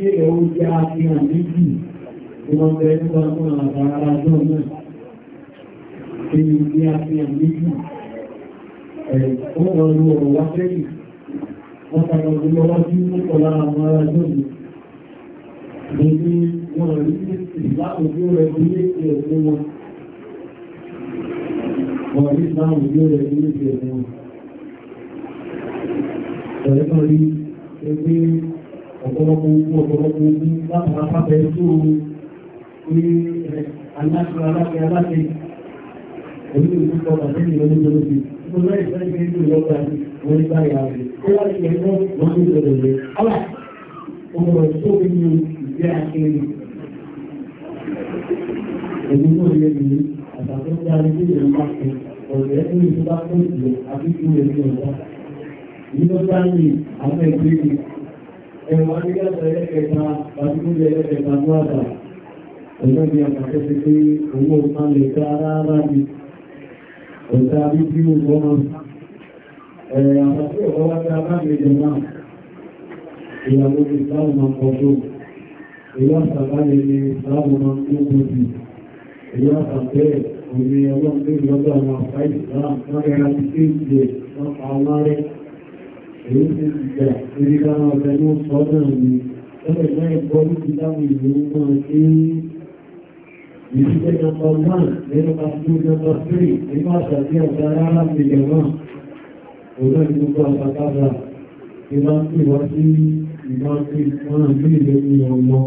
Speaker 1: kí ilẹ̀ ó jẹ́ àfihàn méjì tí wọ́n bẹ nípa fún àbára jọ náà kí ni jẹ́ àfihàn méjì ẹ̀kọ́ ọ̀rọ̀ ọ̀rọ̀ wá sẹ́yìn wọ́n tàbí ọdún lọ́wọ́ sí púpọ̀ lára àwọn ará jọ mi Gbogbo wọn rí ìsìláàmù tí ó rẹ̀ ní ilé ẹgbẹ́ ọ̀pọ̀lọpọ̀ ogun ọ̀pọ̀lọpọ̀ ogun láti ra pápẹ̀ tó orí aláṣẹ aláṣẹ aláṣẹ orí ìlú ọ̀pọ̀ àti ìlú olóògbé tó láì fẹ́ gbé ìlú ọ̀pọ̀ àti orí báyà rẹ̀ ó wá sí ẹ̀rọ wọn ní ìbẹ̀rẹ̀ rẹ̀ ọ̀là ọmọ rẹ̀ tó fi ní ìgbé akéèrè èyí tó yẹ ní àtàkùn tí a ní bí ìlú bá fi ọ̀rẹ́ tó ní ìlú bá tó ìlú àbí ìlú ìlú ọ̀pọ̀ ìlú bá ní àwọn ẹgbẹ́ ẹ̀wà ní ẹlẹ́kẹta àti ní ẹlẹ́kẹta gbọ́dà ẹ̀lọ́ bí àpàtẹ́ ti pé owó ọ̀pá lè ká rárá ní ọ̀tá bí bí ó gbọ́nà àpàtẹ́ ọ̀pá wá ká bá lè jẹ náà ìyàwó ti sáwọn máa kọjọ́ ìyá sàbáyé ni sáwọn máa ń kó sí ìyá sàbẹ́ òní ọlọ́run lórí ọjọ́ àwọn àpá ìsìlá èyí ti gbà eré káwọn ọ̀fẹ́ ní sọ́dọ̀ ni ẹgbẹ́ ìgbà ẹ̀kọ́ ní ti dáwọn ìlú náà sí ìṣẹ́ nọmba 1 nínú pàtó nọmba 3 nínú àṣàtí ọ̀gá rárá ti yẹ̀ wọ́n òun ní gbogbo àpàkára ìbá ń pè wá sí ìbá ń pè wọ́n àti ìlú ní ọmọ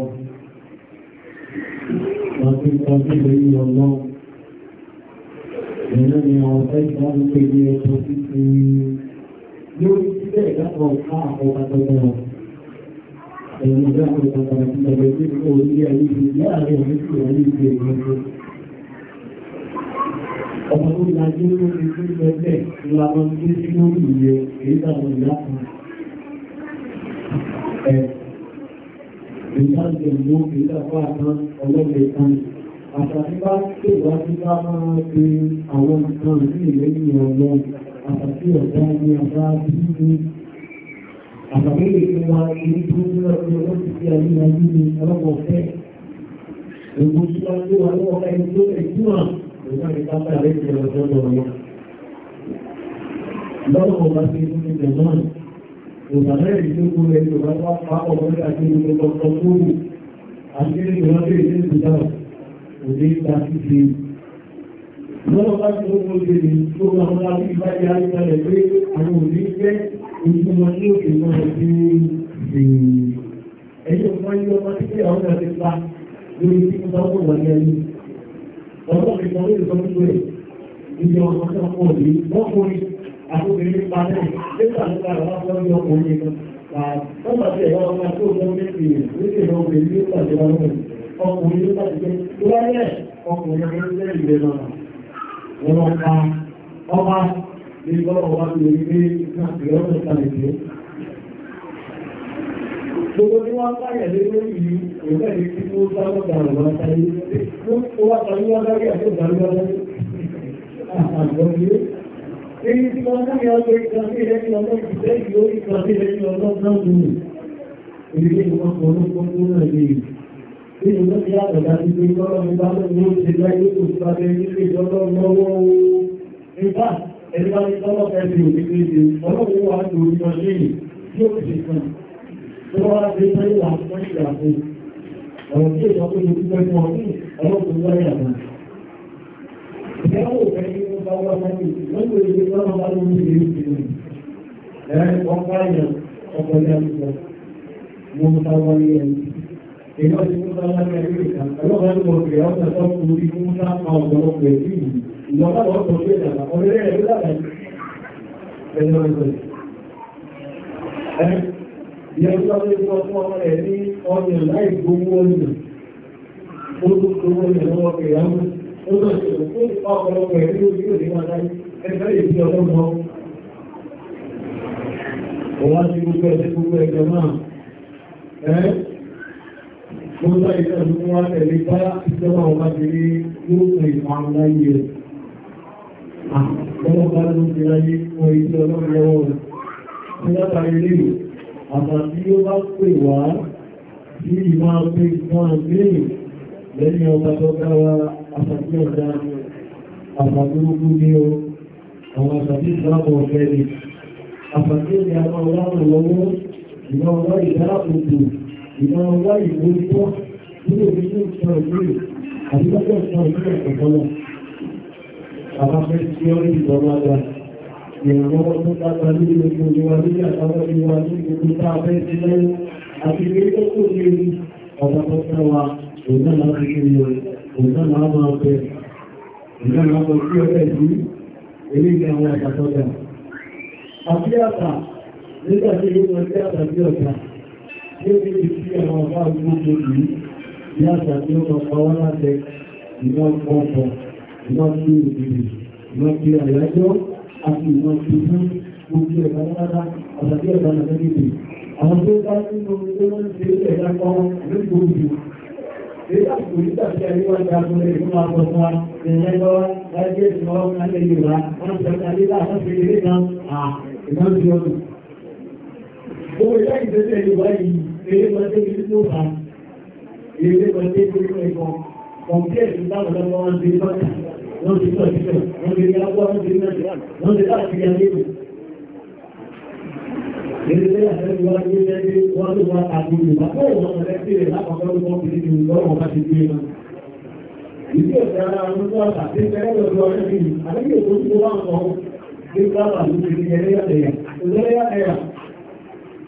Speaker 1: àti ìpàdé ní ọmọ ìrìnà ni àwọn ọ̀fẹ́ ìgbà ń pè ní ọjọ́ títí lórí sílẹ̀ àwọn ọ̀pàdọ̀gbọ̀n ẹ̀yìn ìdápọ̀ tí ó rí ayé ti láàrin ọ̀rẹ́ sí ayé ti ẹgbẹ̀ ọmọ tó lajú lórí tó lẹ́lẹ̀ lọ́wọ́ tí sí lórí ìyẹ ìdápọ̀ ìdápọ̀ ẹ̀ ìdájẹ̀ ló ìdápọ̀ àtàn ọlọ́gbẹ̀ kan àtàkíbá tó wá sí bá máa ń pe àwọn nǹkan ní ìlẹ́yìn ọlọ́run ọ̀rọ̀ tí ọ̀gá ní ọ̀gá bíbí àgbàgbé ìfúnwa ìlú tó ń lọ sí ọwọ́ ti fi ayé ayé ní ọlọ́pọ̀ fẹ́. Ègbò tí wọ́n tó wà lọ́wọ́ ẹni tó lè túmọ̀ lọ́wọ́ ní pápá rẹ̀ ti lọ sọ́dọ̀ wọn. Lọ́wọ́ ọba ti ń fi tẹ̀ náà. Òbàdàn ẹ̀rí tó kú rẹ̀ tó bá wá pápọ̀ lórí àti ìlú ọkọ̀ tó wù. Àti ìrìnàjò ìdí ìdíjà Wọ́n ló bá ti ẹ̀rọ ọmọ náà wọ́n ka ọba ní lọ́wọ́ ní orí pé káàkiri Gbogbo tí wọ́n báyẹ̀ lé lórí yìí, òun ẹ̀rí tí ó sáwọ́ dàrú wá sáyé. Ó wá sọ ní wákàrí àti ìdàrú wá sáyé. Àgbọ̀n Èyí tí wọ́n mú ní ọjọ́ ìkànsí ẹni ọjọ́ ìkànsí ẹni ọjọ́ ìkànsí ẹni ọjọ́ ìkànsí ẹni ọjọ́ ìkànsí ẹni ọjọ́ ìkànsí ẹni ọjọ́ ìkànsí ẹni ọjọ́ ìkànsí ẹni ọjọ́ ìkànsí ẹni ọjọ́ ìkànsí ẹni ọjọ́ ìkànsí ẹni ọjọ́ ìkànsí ẹni ọjọ́ ìkànsí ẹni ọjọ́ ìkànsí ẹni ọjọ́ ìkànsí ẹni ọjọ́ ìkànsí ẹni ọjọ́ ìkànsí ẹni ọjọ́ ìkànsí ẹni nínú tó fi àtọ̀dá ti fi tọ́lọ́ mi bá lóun ló ti láyé kò sí abẹ́ nílé ìjọba lọ́wọ́ o. nígbà ẹni bá ní tọ́lọ́ fẹ́ fi òbí kéde ọlọ́run wà ní orí ọdún yìí tí ó ti kàn tó wá dé sẹ́yìn làásán ìyàfẹ́ ọ̀rọ̀ tí ìjọba ló ti fẹ́ fún ọdún ọlọ́run wáyà èyí ọdún mú sáwọn ẹgbẹ́ ìrìnà ẹgbẹ́ ọdún mú ìrìnà ọdún tó kú ní mú sáà ọ̀dọ̀ ọ̀pẹ̀ ìrìnà ìjọba ọ̀pọ̀ sí ìjọba ọ̀rẹ́ ẹ̀rẹ́ lára ẹ̀rọ ẹ̀rọ ìyẹn tó lọ́wọ́ ìgbọ́ fún ọmọ rẹ̀ ní ọdún láì gbogbo ọdún ó tó gbogbo ọdún lọ́wọ́ ìyàwó ó lọ sí ọ̀pọ̀lọpọ̀ ẹ̀rí orí òní máa láyé ẹgbẹ́ ìdí ọdún mọ́ òun á ti gbogbo ẹ̀sẹ̀ gbogbo ẹ̀jọ̀ náà Gbogbo ìtọ́jú fún wá tẹ̀lé bá ìjọba ọba ti rí lóòpin àwọn láyé rẹ̀. Àwọn ọba ló ti ráyé fún ìjọ ọlọ́run lọ́wọ́ rẹ̀. Ní látàrí léèrè, àmà tí ó bá pè wá sí ìmọ̀ pé wọ́n léèrè lẹ́yìn ọba tó káwa àfàkí ọ̀dá àfàkúrúkú ní o, àwọn àfàkí ìsìlámọ̀ ọ̀fẹ́ ni. Àfàkí ìyàmọ̀ ọlọ́run ìmọ̀ wá ìwé tó nílò nínú ìṣọ́ ìlú àti lọ́jọ́ ìṣọ́ ìlú ẹ̀kọ́lọ́. Àbáfẹ́ tí ó rí ìjọba ìrànlọ́wọ́ tó dáta nínú ogun ìwà nílé àtàwọn ìwà ní gbogbo tá a fẹ́ ti lẹ́yìn àti ilé tó kò ní orí ọ̀dà tó fẹ́ wa òun náà láti kí ni òun náà máa máa fẹ́ òun náà máa fẹ́ sí ọ̀fẹ́ débi ìfí àwọn ọba gbogbo yìí ní àṣà tí ó lọ pa wọ́n láti ìwọ́n pọ̀pọ̀ ìwọ́n tí ìdìbì ìwọ́n tí àyájọ́ àti ìwọ́n tí fún gbogbo ẹ̀ka lára àtàkì ẹ̀ka nàìjíríà àwọn tó bá nínú tó ń ṣe ẹ̀ka kan lóṣooṣù Èyí àti òyíká sí ẹni wọ́n já fún ẹgbẹ́ máa sọ fún wa, ìrìnlẹ́ lọ́wọ́, láìpé ìṣòro ọmọ ilẹ̀ Yorùbá, wọ́n ti ọ̀tà lílá àtàkì ilé kan, à, ìgbọ́n ti ọdún. Owó ìṣẹ́ ìṣẹ́ṣẹ́ Yorùbá aaa aaaa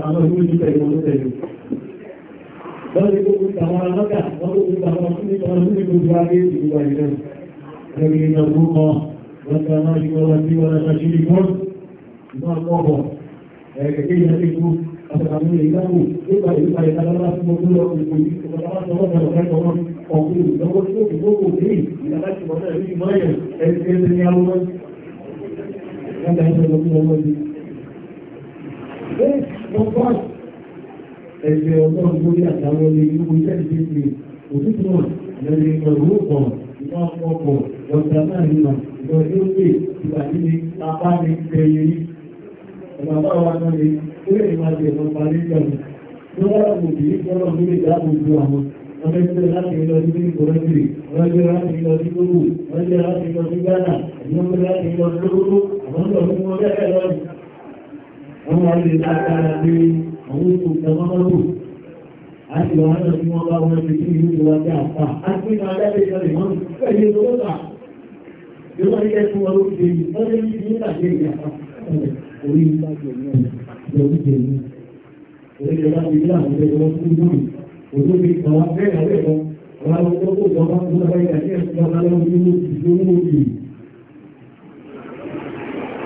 Speaker 1: àwọn ìlú ìjúkẹ́ ìwọ̀n tẹ̀lé lọ́dí gbogbo àwọn alága wọ́n gbogbo àwọn ọkùnrin ọdún ní gbogbo ayé ìwà ìlẹ̀ ẹ̀rì ìrìnàgbó kan lọ́ta máa ṣe wọ́n tí wọ́n lọ́ta ṣe nìkan ìwọ̀n pọ̀pọ̀ ẹ̀kẹ́kẹ́ ìrìnàgbó àtàkàmì ìlàwò nípa ìlúpa ìlàlára fún ọdún lọ́kùnrin ọkùnrin ọkùnrin wọ́n kọ́ ẹ̀sẹ̀ ọlọ́run lórí àtàwọn ilé inú iṣẹ́ ìdíje òtútù náà lẹ́yìn ẹ̀rọ ọ̀pọ̀ ìwà ọkọ̀ ọ̀tà náà nìyà lọ sí òkè ìgbàdí ni apá ni kẹyìn ní ọ̀bàbá wa náà ni ó lè máa jẹ ọ̀nà parí ìjọba ní wọ́n rà bòbí ìjọba ló lè dáàbò bo àwọn ọmọdé láti wọ́n wá dáadáa pé àwọn ètò ìtàmọ́lọ́wò láti wọ́n hánà tí wọ́n bá wọ́n fi kí ìlú ìwà jẹ́ àpá àti ìgbà adájẹ́ ìjọlẹ̀ wọ́n fẹ́lẹ̀ lọ́wọ́ta yóò wá ilẹ̀ fún wọn lórí ìdèyí wọ́n lè ní ìdílé àti ìgbà orí ìgbàjọ ní ọ̀rọ̀ ìdèyí orí ìjọba ti ní àwọn ìjọba wọn fún ìlú òjò fi kàn wá bẹ́ẹ̀ àwẹ̀ kan àwọn ọmọ tó kó ìjọba fún ọgbà ìgbà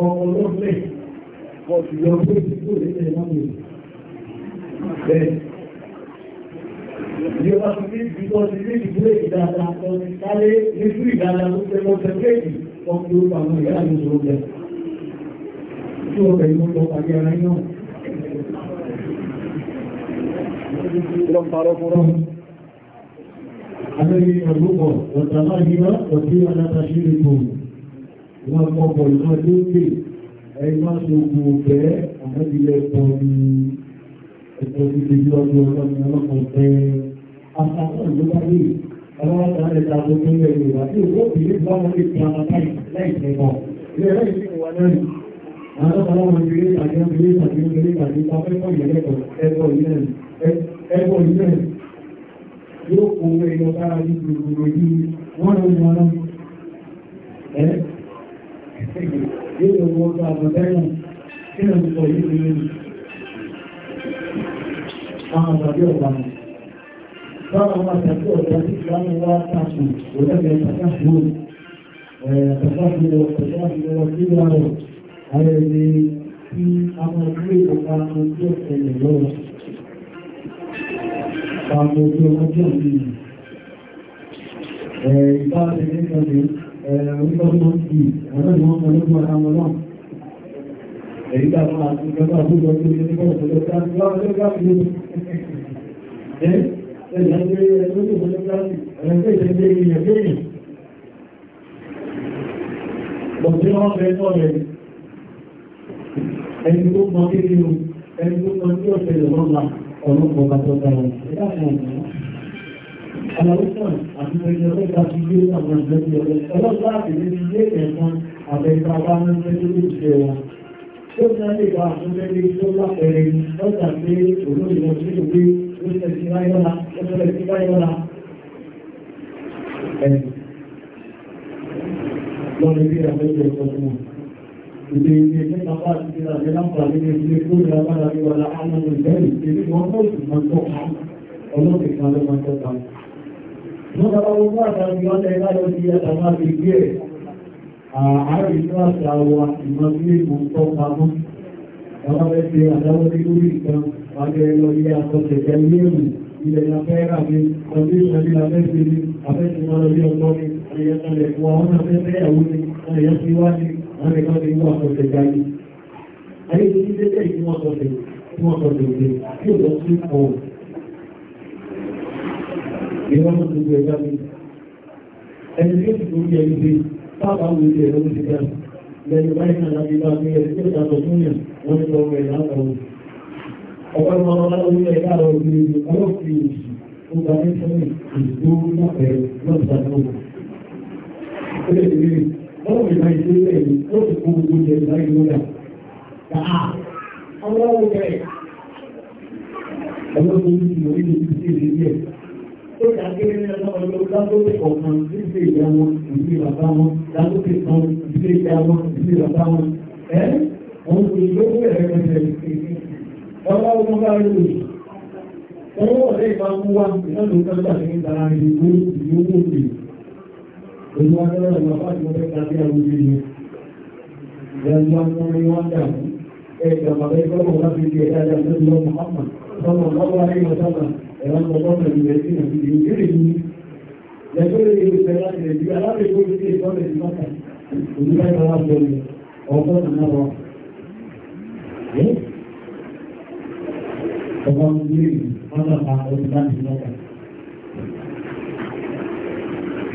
Speaker 1: ọmọ lọ́pẹ́ ọ̀sùn yọ pé tí kò lè lè wọ́n lè bẹ́ẹ̀. Ìjọba ti ní ìbíkọ́ ti ní ìdílé ìdáadáa tó ní sáré ní fún ìdáadáa tó fẹ́ lọ́pẹ́ méjì wọ́n fi ó pàmò ìyá mi ló jẹ. Tí ó bẹ̀rẹ̀ ló lọ pàdé ara yàn. Ìjọba parọ́ fún rọ́mù. Adé ni ọ̀gbọ́n wọ́n kọ́kọ́ ìwọ́n lóògbé ẹgbọ́n tó gbò bẹ́ àmọ́bílẹ̀ pọ̀ ní ẹ̀kọ́ ìdè bí ọdún ọlọ́run ọlọ́kan tẹ́ àtàkùn ló bá dé ọlọ́wọ́ ta lè ta tó tẹ́lẹ̀ Yorùbá tí ó bí ní bá wọn lè ta àtàkì láìpẹ́ mọ́ ilé ẹ̀rọ ìdíwọ̀n wọn náà àwọn ọlọ́wọ́ ìdílé tàbí ìdílé tàbí ìdílé tàbí pápẹ́kọ̀ ìyẹ́lẹ́kọ̀ọ́ ẹgbọ́ ilé ẹgbọ́ ilé yóò kó ẹyọ kára ní gbogbo yìí wọ́n lọ́wọ́ Báwọn ọmọ tàbí ọ̀dọ́ sí ni tí a mọ̀ orí Ẹni tó mọ́ kí ní ọ̀sẹ̀ ìrọ̀lá ọ̀rọ̀ ọ̀gbàtọ̀ dára. Ẹgbẹ́ àwọn ọ̀gbà. Àlàrúsàn àti ẹgbẹ́ ọ̀pẹ́ta gbé àwọn ìgbẹ́gbẹ́ ọ̀pẹ́. ní ilé ẹ̀kan àbẹ̀ta bá ń gbẹ́gbẹ́ ìṣẹ́ wọn. Tó ní alẹ́ ìgbà àtúngbẹ́gbẹ́ tó lápẹẹrẹ lọ́jà pé olóòrùn ọdún ìgbé ó ṣẹ̀ láyọ́lá, ó ṣẹlẹ̀ láyọ́lá. Ẹni. Lọ́rin Nígbà owó àtàrí ọjọ́ ìlàjọ́ ti àtàmà fi gbé ẹ̀. Àárín inú àṣà wa ìmọ̀ sí ìmọ̀ tó pamọ́. Ọba bẹ́ àdáwọ́ ìwọ́n tó gbogbo ẹ̀dá mi ẹni tí ó ti gbogbo ẹni bí sábà ń gbogbo ẹ̀rọ ti dá lẹ́yìn báyìí náà láti bá gbé ẹni tí ó dàtọ̀ fún yàn wọ́n ti lọ́wọ́ ẹ̀dá àtàwọn ọ̀pọ̀ tó yà kéré ní ọjọ́ ọjọ́ lágbóté ọ̀kan nílé ìyá wọn ìdílé bàbá wọn lágbóté kan ìdílé ìyá wọn ìdílé bàbá wọn ẹ́ òun ẹ̀wọ̀n ọgbọ́n pẹ̀lú rẹ̀ sí ìrìn ìrìn ìrìn ìrìn lẹ́gbẹ̀rẹ̀ ìlú ìṣẹ́lá ìrìn ìrìn alábẹ̀gbẹ̀ orílẹ̀ ìtọ́lẹ̀ ìmọ́ta òmìnira ìrọ̀lá bẹ̀rẹ̀ ọgbọ́n náà wọ́n ọgbọ́n ní ọlọ́pàá orílẹ̀ ìmọ́ta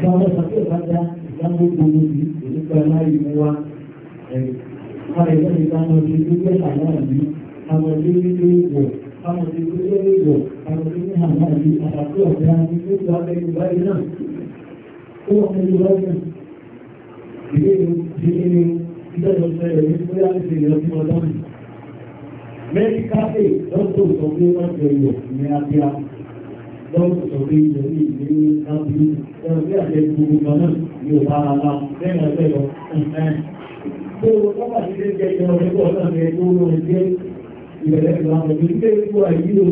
Speaker 1: Báwọn ṣàkóso ìpàdá ìdámọ́ gbogbo ní ìlúpa láì mú wa ẹ̀rì. Wọ́n rẹ̀ lọ́nà ìdámọ́ ojú tó gbé àwọn àmì àwọn ilé ìwò àwọn òṣèlú lórí ìwò àwọn òṣèlú àwọn àti àtàkù ọ̀dẹ́ àti ìlú abẹ́ Yorùbá yìí náà ó wọ́n fẹ́ Yorùbá yìí náà ìdí ìlú ti ní ilé ìjọsẹ̀ rẹ̀ ní pé a ti lọ sí ọjọ́ mi. Mẹ́ríkà pé lọ́sọ̀ sọ pé wọ́n jẹ ìwọ̀ ní Abíá lọ́sọ̀ sọ pé ìjọ ní ìlú Nábìlì ẹ̀rọ bí àjẹ gbogbo kan náà ní ọ̀bá ara lẹ́yìn ọ̀sẹ̀ lọ. Gbogbo ọ̀pá ìdílé jẹ́ ìjọ ọ̀rẹ́gbọ̀ náà ní ẹgbẹ́ olórin ìrẹ̀lẹ̀ ìlànà ìgbésẹ̀ ìpò ní. ọ̀rọ̀ sí ọ̀lú ìjẹ́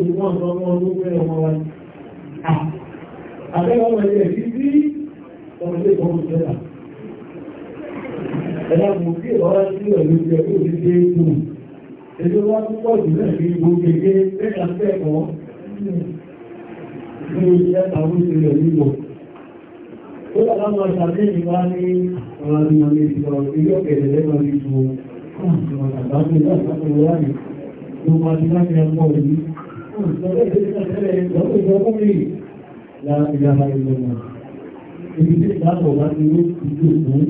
Speaker 1: tó ti dé kù. Èdè wá púpọ̀ jù náà ní gbogbo gègé mẹ́ta kẹ́kọ̀ọ́. Ní ìjẹ́ àwọn ìṣẹ̀lẹ̀ nílò. Ó wà láwọn aṣàlẹ́ ìwá ní ọ̀rọ̀ àdúgbò ní ìjọ ثم الإمام يقول لا إله إلا الله ibi tí ìdáàbò bá ti ló ti tó fún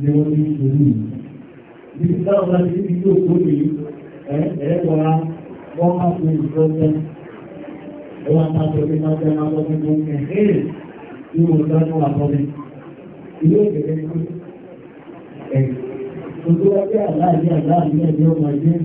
Speaker 1: ni wọ́n ní ìṣòro yìí ibi tí ìdáàbò bá ti ti tó fún ni ẹ̀ẹ́kọ̀ọ́ra wọ́n máa fi ìṣọ́jẹ́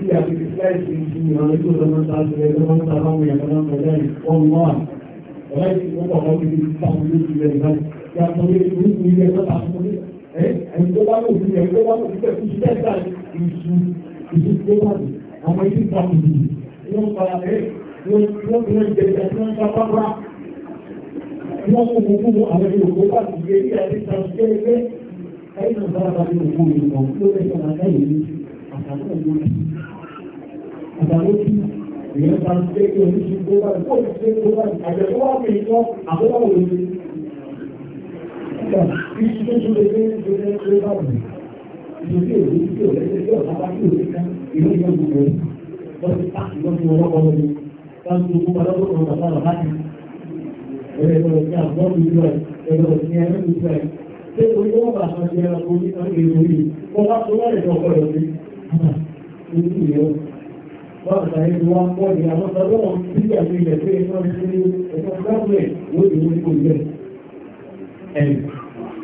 Speaker 1: tí a ti fi fẹ́ẹ̀sì ti ọ̀rọ̀ tó lọ́nà tàbí ẹgbẹ́ wọn tàbí àwọn èèyàn náà pẹ̀lẹ́ ọmọ ọ̀rẹ́ ti wọ́n kọ̀ọ̀kan ti fi sáwọn ilé ìgbẹ́ ìgbà tí a sọ pé orúkú ilé ẹgbẹ́ ta fún mi ẹni tó bá lò sí ẹni tó bá lò sí ẹkú sí ẹgbà ìṣú ìṣú tó wà ní àwọn ilé ìta kùdù wọ́n fa ẹ wọ́n fi wọ́n jẹ ìjà tí wọ́n fa ìdàlójú èèyàn bá ń pé kí oníṣe tó bá ń pòlù sí tó bá ń àjẹ́ tó wà pé ìtọ́ àbúrò òun ni. Ìṣe tó tún lè dé ìṣe tó bá wù. Ìṣe òun tí ò lẹ́sẹ̀ tí ọ̀sán bá tí ò lè ká ìlú ìyá gbogbo rẹ̀. Wọ́n ti pàṣẹ lọ́sí wọn lọ́kọ́ lọ́dún. Wọ́n ti gbogbo ọlọ́dún kan bàbá bàbá ti. Ẹ̀rọ ìṣe àgbọ̀ ìjọ ẹ̀ ẹ̀rọ ìṣe ẹ̀rọ ìṣe ẹ̀ pé orí wọ́n bá sọ jẹ́ ọkùnrin kan lè lórí. Wọ́n bá sọ wọ́n lè bọ́ọ̀sà ẹni wá ń pọ̀ ní àmọ́ta lọ́wọ́ sí àti ilẹ̀ pé iná ní sí ẹ̀kọ́ gbáàgbé ó lè wọ́n kò lẹ̀. ẹ̀rì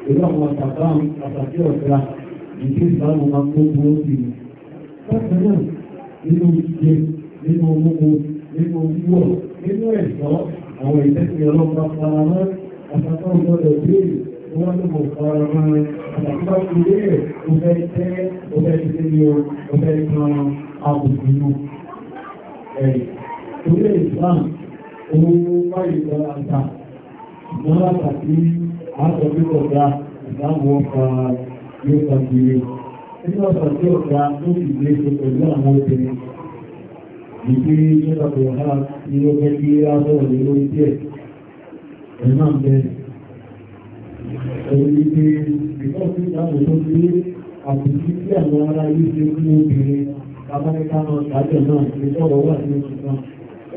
Speaker 1: ìlú àwọn àtàbá àtàkì ọ̀sẹ̀ ìdí ìsàlámù máa tó bú ó sì ní. bákan náà nínú ìṣe nínú omúgo nínú wíwọ̀ nínú ẹ̀ṣọ́ àwọn ìtẹ́sí ọlọ́pàá fara mọ́ àtàkọ́ ìjọdọ̀ béèrè wọ́n ní mo fara mọ́ àtàkì bá ti lé ẹ̀ mo fẹ́ tẹ́ àbùkù náà. ẹ̀rì orílẹ̀ islam ohun báyìí lọ àgbà ìgbọ́n látàkì àtọ̀ tí kò dá yóò tí ga tó sì gbé ṣe pẹ̀lú àwọn obìnrin ìgbé nígbà tó ní ó fẹ́ kí á lórí díẹ̀ amẹ́ríkà náà ṣáájẹ̀ náà ní sọ́rọ̀ wà ní oṣù kan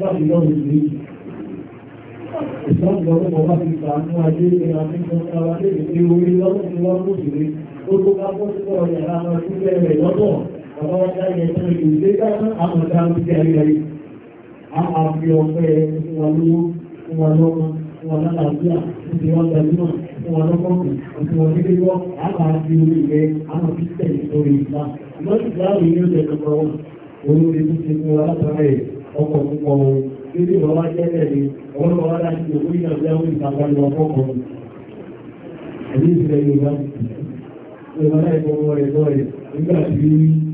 Speaker 1: láti lọ́rùn sí ìṣọ́nù lọ́rùn ọba ti sàánú ajé ìrìnà fún wọn lálàáfíà níbi wọn gbajúmọ̀ fún wọn lọ́kọ̀ọ̀kù àti wọn nílé wọ́ àbá àti orí ìgbẹ́ àwọn kristian lórí ìgbà ìgbọ́n ti dáhùn ilé ìjẹ kankan wọn òun ti tún ti fún wa látara ẹ̀ ọkọ̀ púpọ̀ wọn níbi wọn wá jẹ́lẹ̀ ni wọn lọ láti òkú ìyàwó ìyàwó ìtàkà ni wọn kọ́kọ́ ẹ̀yìn ìṣẹ̀lẹ̀ Yorùbá Yorùbá náà ẹ̀kọ́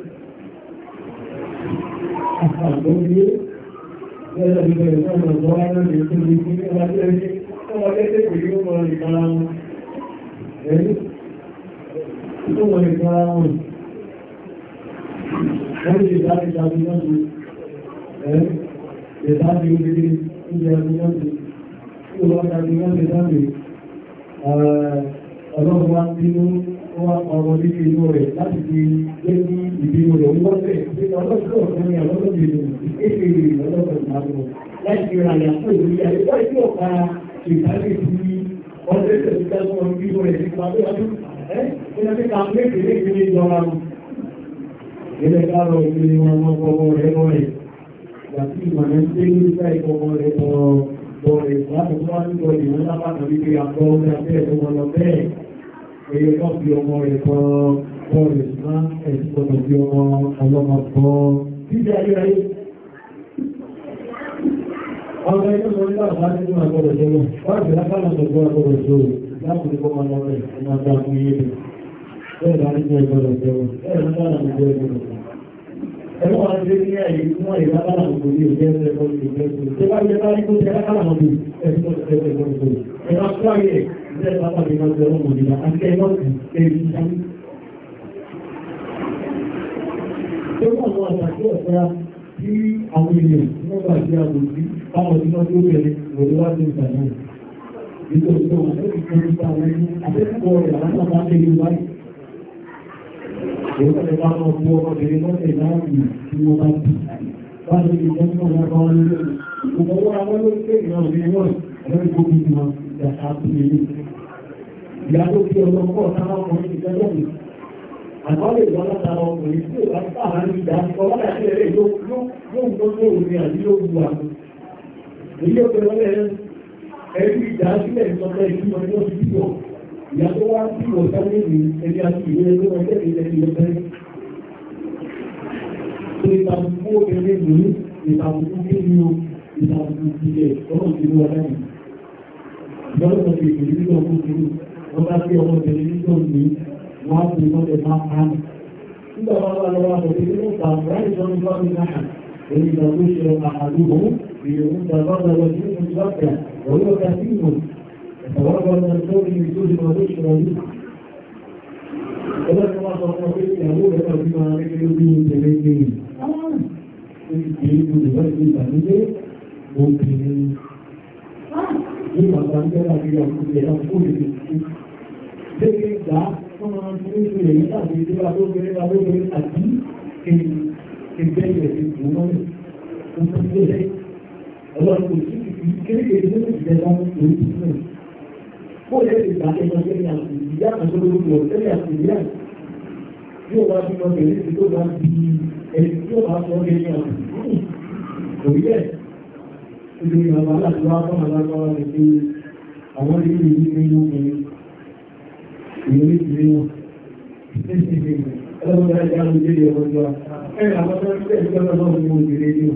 Speaker 1: Ìjọba ìjọba ìjọba ìjọba ọlọ́run wá bínú wá ọrọ̀ lífi inú rẹ̀ láti fi lé ní ìbínú rẹ̀ wọ́pẹ̀ tí ọ̀pá ìbálẹ̀ sí ọdún ẹ̀sẹ̀ tó dájú ọdún bínú rẹ̀ nípa pé ọdún ẹ́ ẹ̀ẹ́dẹ́ fi ní ìjọba mu. rẹ̀ lọ́rẹ̀ lórí láti tó wọ́n nígbò ìlú lápapọ̀ wípé àpọ̀ orí abẹ́ ẹ̀tọ́ wọn lọ bẹ́ẹ̀ èyí tó fi ọmọ rẹ̀ kọ bọ́ọ̀lù má ẹ̀sùn gbọdọ̀ fi ọmọ ọlọ́mọ bọ́ títí ayé ayé ọmọ ilé ìwọ̀n nígbà bá nínú àgbọ̀dọ̀ jẹ́lọ wáàbí lápapọ̀ àgbọ̀dọ̀ àgbọ̀dọ̀ jẹ́lọ láti ní kọ́mọ lọ rẹ̀ ọmọ àgbà fún yé bẹ́ẹ̀ bá nínú ẹgbọ̀dọ̀ jẹ́lọ bẹ́ẹ̀ ẹ̀rọ wọn ṣe ní ẹ̀yìn tí wọ́n ìlà lára òkú ní ìjẹ́ ẹsẹ̀ fún ìjẹ́ ẹsẹ̀ tó bá jẹ́ báyìí tó jẹ́ lára òkú ẹ̀sìn tó ṣe ẹsẹ̀ fún ìjẹ́ ẹ̀rọ sọ́yẹ̀ ìjẹ́ bàbá mi máa èyí tẹ́lẹ̀ bá mọ́ fún ọmọbìnrin lọ́sẹ̀ láàrin tí wọ́n bá bí bá lè fi jẹ́ mọ́ wọn kan lórí ìgbogbo wọn àwọn olóògbé ìran òbí wọn ẹ̀rọ ìgbógun ti wọn ìjàkà abúlé ní ìyá ló fi ọmọ pọ̀ táwọn ọkùnrin ti fẹ́ lọ́nà àkọọ́lẹ̀ ìjọ látara ọkùnrin tí ò bá sáàárín ìdá ọlọ́dà sílẹ̀ yóò ń tó ní òun ni àbí yóò wu àwọn èyí ò pẹ̀lú ẹ̀rí ìdá sílẹ̀ ìsọ̀tẹ̀ ìtumọ̀ ní ó ti ìyá tó wá sí ìwòsàn níbi ẹni àti ìwé ẹgbẹ́ wọn tẹ̀lé ẹni ìtàkùnkú obìnrin ló ìtàkùnkú kí ìtàkùnkú ìdílé ọlọ́run ti ní wọn lẹ́yìn. Ìjọba ti ìgbèrè nínú ọkùn kúrú, wọ́n bá gbé wọ́n á fi wọ́n lè máa pa á. Nígbà wọn bá lọ́wọ́ àbẹ̀tẹ̀ nínú ìta ìwádìí sí ìjọba ورغم من قوله بكل ما بشر به فلما صرفه يقول فبما نكر به تبين ìgbèrú ìwọ́sí ìgbàlódé obìnrin ní bàbá ń gbẹ́ra bí ọkùnrin ẹ̀rọ fún ìlú sí léèrè ìgbà fún ọmọ tí ó ṣe èyí tàbí ìjọba tó bẹ̀rẹ̀ wà lóbẹ̀rẹ̀ àti ẹgbẹ́ ilẹ̀ ti kù mọ́ ọmọ tí ó ṣe ọlọ́run kò sí ìkéréje lórí ìjẹta lórí ìlú náà bó lè fi ìgbàlẹ̀ lọ sí ìyá ìyá kan tó lórí lọ ìyá ìyá tí bá fi lọ bẹ̀rẹ̀ sí tó bá di ẹni tí ó bá sọ ọ́ lẹ́yìn ọ̀hún kò rí ẹ̀ ìlú ìyàwó aláàbò wa fún alágbára rẹ̀ pé àwọn ilé ìlú ní ìlú ní ìlú ní ìlú wọn ẹlọ́gbọ́n bá yára lójú ilé ọmọ ìjọba ẹ̀rọ àwọn ọmọ ìjọba ọmọ ìjọba ọmọ ìjọba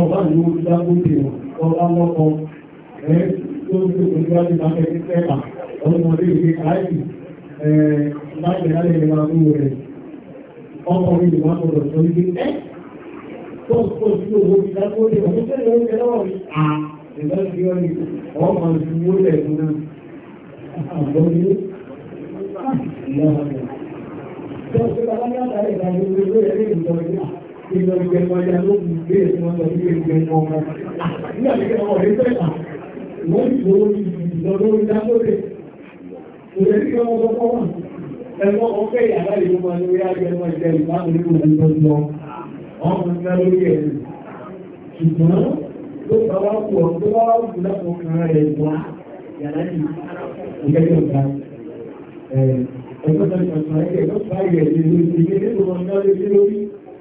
Speaker 1: ọba ìlú ìdágbókè ọba lọ́kọ ẹ̀ tó ń gbé pẹ̀lú láti bá fẹ́ tẹ́ta ọmọdé ìgbé káàkì ẹ̀ láti láti lè máa mú rẹ̀ ọkùnrin ìlú máa gbọdọ̀ sọ wípé ẹ́ tó ń kó sí owó ìlọ ìgbẹ̀mọ̀ ìyá ló mú gbé ẹ̀sùn ọ̀nà ilé ìgbẹ̀mọ̀ ọmọ. Nígbà tí ọmọ rẹ̀ fẹ́ ta, wọ́n ti lówó ní ìlọ lórí dákóre. Ìrẹ̀ ní ọmọ ọkọ̀ wọn, ẹ̀mọ́ ọkẹ́ ìyàrá ìlú máa lórí àgbẹ̀mọ̀ ìjẹ́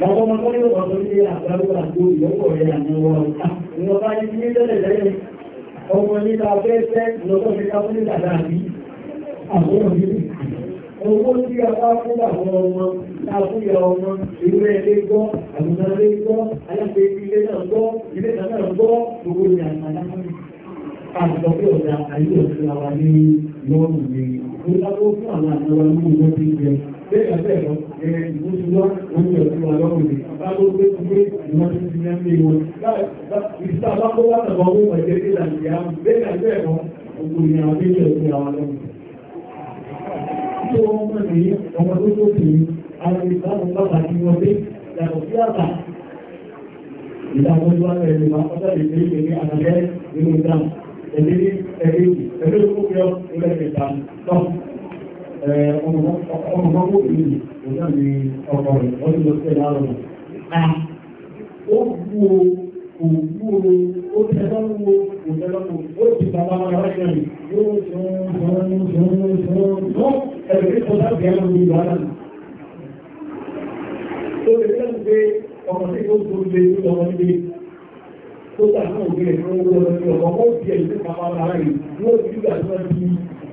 Speaker 1: Bàbá ọmọ tí a bá fún àwọn ọmọ, ta ọmọ, ìlú ẹgbẹ́ gbọ́, àgùntàn lé gbọ́, aláṣẹ ilé náà gbọ́, ilé náà gbọ́, gbogbo ní àgbàdá. Àgbàdá pé ọ̀dà ayé òṣèlú àwa lọ́rùn ni. Mo dábọ́ fún àwọn àgbàdá Lẹ́gbẹ̀ẹ́sẹ̀lọ, ẹ̀rẹ̀ ìgbóṣùlọ́, oúnjẹ ọ̀tún ọlọ́run ni, bá ló gbé gbé ìwọ̀n tí ti mẹ́rin wọn. Ìsá bá kó wá tàbí ọmọ ìjẹ́ ìlànà ìyá, lẹ́gbẹ̀ẹ́sẹ̀lọ, ogun ni àwọn ilé ọ̀tún àwọn ọlọ́run. Tí wọ́n mọ̀ ní ọmọ tó tó fi àwọn ìbáwọn bàbá tí wọ́n dé, yàtọ̀ sí àbà. Ìdáwọn ìwà rẹ̀ ni máa ọmọgbọ́gbọ́ ìlú ọjọ́ ni ọkọ̀ rẹ̀ ọdún lọ sí ẹ̀dá ọ̀rọ̀ ó gbú o kò gbú o ó tẹ́lọ́ wo kò tẹ́lọ́ wo ó ti bàbá ara rẹ̀ yóò sọ sọ sọ sọ sọ ẹ̀rẹ̀ tó láti ẹ̀rọ ní ìlú ara tó lè fẹ́ pé ọmọ tí ó tó lè ní ọmọ níbi tó tà ní òbí rẹ̀ tó ń wọ́n lọ sí ọmọ ó di ẹ̀yìn tó bàbá ara rẹ̀ yóò ti gbà tó ti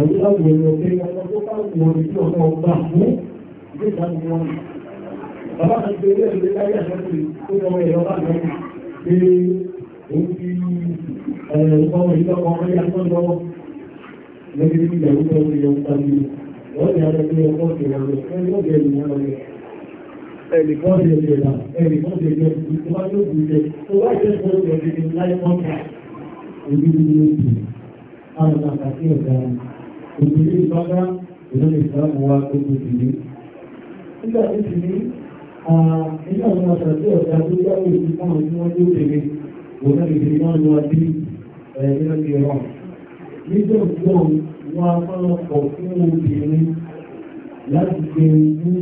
Speaker 1: ẹ̀rí láti ẹ̀rí ọ̀pẹ́ ọjọ́ tí ọmọ ọgbà fún ilé ìdájú Bàbá kan ti ìlú láyé àjọsí tó yọmọ ẹ̀rọ bá lọ pé ó fi ọmọ ìlọ́kọ̀ ọmọ yà tó lọ lórí ilẹ̀ ìlú tó yọ tàbí wọ́n ní ara pé ọkọ̀ ti rẹ̀ rẹ̀ ẹni ó bẹ̀rẹ̀ ìyá rẹ̀. Ẹnì kan ti ẹ̀jẹ̀ là, ẹnì kan ti ẹ̀jẹ̀ tó bá yóò bù òbílé ìbádá ìlú ìsìlámù wa tó tó ti ní nígbà tó ti ní nígbà tó máa tàbí ọ̀dà tó yáwó ìlú fáwọn tí wọ́n tó tèrè òun náà lè máa lọ bí ẹ̀yẹ́ ti rọ̀ nígbà tó wọn a máa pọ̀ fún obìnrin láti ṣe ní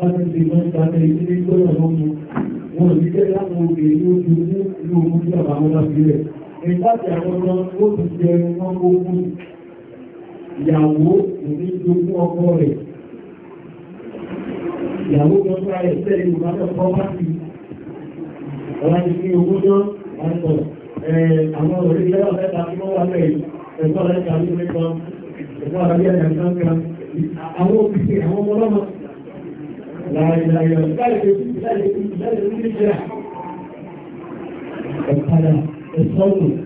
Speaker 1: láti ṣe máa ń tàbí ilé gbọ́dọ̀ lọ́mọ ní ìlú ogun tí àbámọ́ láti rẹ̀ ìgbà àwọn ọmọ ó ti jẹ wọn ó kú ìyàwó òní jogún ọkọ rẹ̀ ìyàwó lọ́pàá rẹ̀ tẹ́lẹ̀ ìwọ̀n pọ́pátì ọ̀la owó náà àtọ̀ àwọn òrí tí wọ́n wà lẹ́yìn ẹ̀kọ́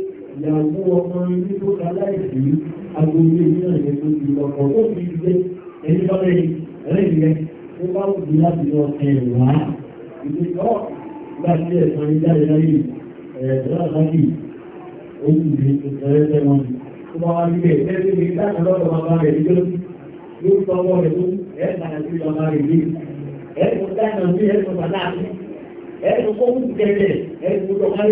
Speaker 1: ìyàwó ọmọ ilé tó ká láìsí agbóyé ní tó ti ọkọ̀ tó fi gbé ẹni lọ́rẹ́ rẹ̀ tó bá wù ní láti lọ ẹ̀wà ìgbésọ́ gbà ẹ̀sán ní láyé ẹ̀rọ àtàkì ojú ìgbé tó bá wá nílé ẹgbẹ́ ní láti lọ́dọ̀ bàbá rẹ̀ ní lórí yóò àti bàbá rẹ̀ ní ẹ̀ẹ́tọ̀ dáná sí ẹ̀ẹ́tọ̀ bàbá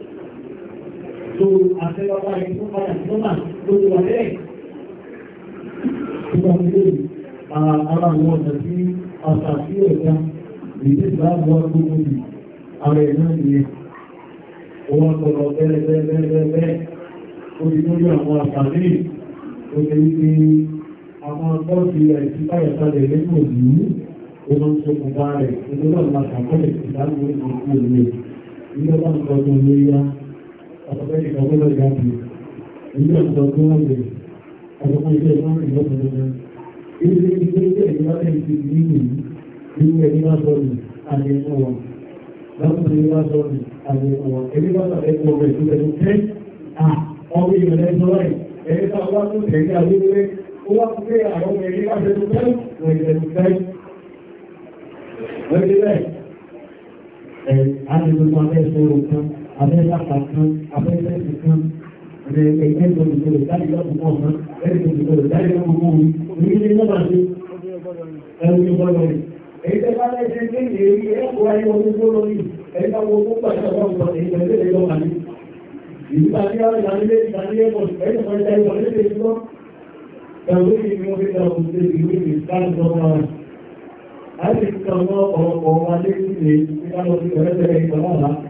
Speaker 1: lo àtẹ́lọ́pàá rẹ̀ tó padà sí lọ́nà tó ti wà lẹ́ẹ̀. Nígbà tí lè ara àwọn ọ̀sẹ̀ sí ọ̀sà sí ẹ̀ka ìdí ìgbàgbọ́ gbogbo bì ara ẹ̀ náà nìyẹn. Wọ́n sọ̀rọ̀ bẹ́ẹ̀ bẹ́ẹ̀ bẹ́ẹ̀ bẹ́ẹ̀ bẹ́ẹ̀ ó ti lórí àwọn àṣàlẹ́ ó ti wípé àwọn ọgọ́sì rẹ̀ ti báyẹ̀ sálẹ̀ lẹ́yìn òní ó ló ń ṣokùnfà rẹ̀ ìdílọ́ọ̀lá ṣàkọlẹ̀ ìdánwò ìgbòkú òní ìdílọ́ọ̀lá ìgbòkú òní yá ọ̀pọ̀lọpọ̀ ìgbàgbọ́lọ̀ ìgbàgbọ́ ilé ọ̀pọ̀ tó wọ́n lè ọ̀pọ̀lọpọ̀ ilé ẹ̀kọ́ ìgbàgbọ́lọ̀ ilé ilé ilé ìgbàgbọ́ ti ní ìlú ilé ẹ̀mí bá sọ̀rọ̀ àmì ẹ̀mọ́ wọn lọ́pọ̀ ilé bá sọ̀rọ̀ àmì ẹ̀mọ́ wọn ẹ̀mí bá sọ̀rọ̀ ẹ̀kọ́ rẹ̀ tó tẹ̀lé tẹ́ ọmọ ìrìnlẹ̀ sọ̀rọ̀ ẹ̀mí bá wá tó tẹ̀lé àwíwẹ́ ó wá pé àwọn ọmọ ẹ̀mí bá tẹ̀lé tẹ́ ìrìnlẹ̀ tẹ́ Ẹgbẹ́ bẹ́ẹ̀, ẹ̀ á ti gbogbo abẹ́ sọ̀rọ̀ kan abẹ́rẹ́ kan abẹ́rẹ́ kan ẹ̀rẹ́ ẹgbẹ́ olùgbòrò jáde lọ́pùpọ̀ ọ̀sán ẹgbẹ́ olùgbòrò jáde lọ́pùpọ̀ orí orílẹ̀ lọ́pàá sí ẹ̀rùn ìgbọ́lọ̀ rẹ̀ èyí tẹ́ bá lẹ́sẹ̀ ní èrí ẹ̀kọ́ ayé ológbó lórí ẹ̀ka wo gbogbo àti ọgbọ̀n èyí tẹ́lẹ̀ lè lọ́pàá ní ìgbà tí a rẹ̀ lálẹ́ ìgbàlẹ́ ẹ̀kọ́ ẹ̀yẹ̀ kan jẹ́ ìgbìmọ̀ ìgbà òkúté ìwé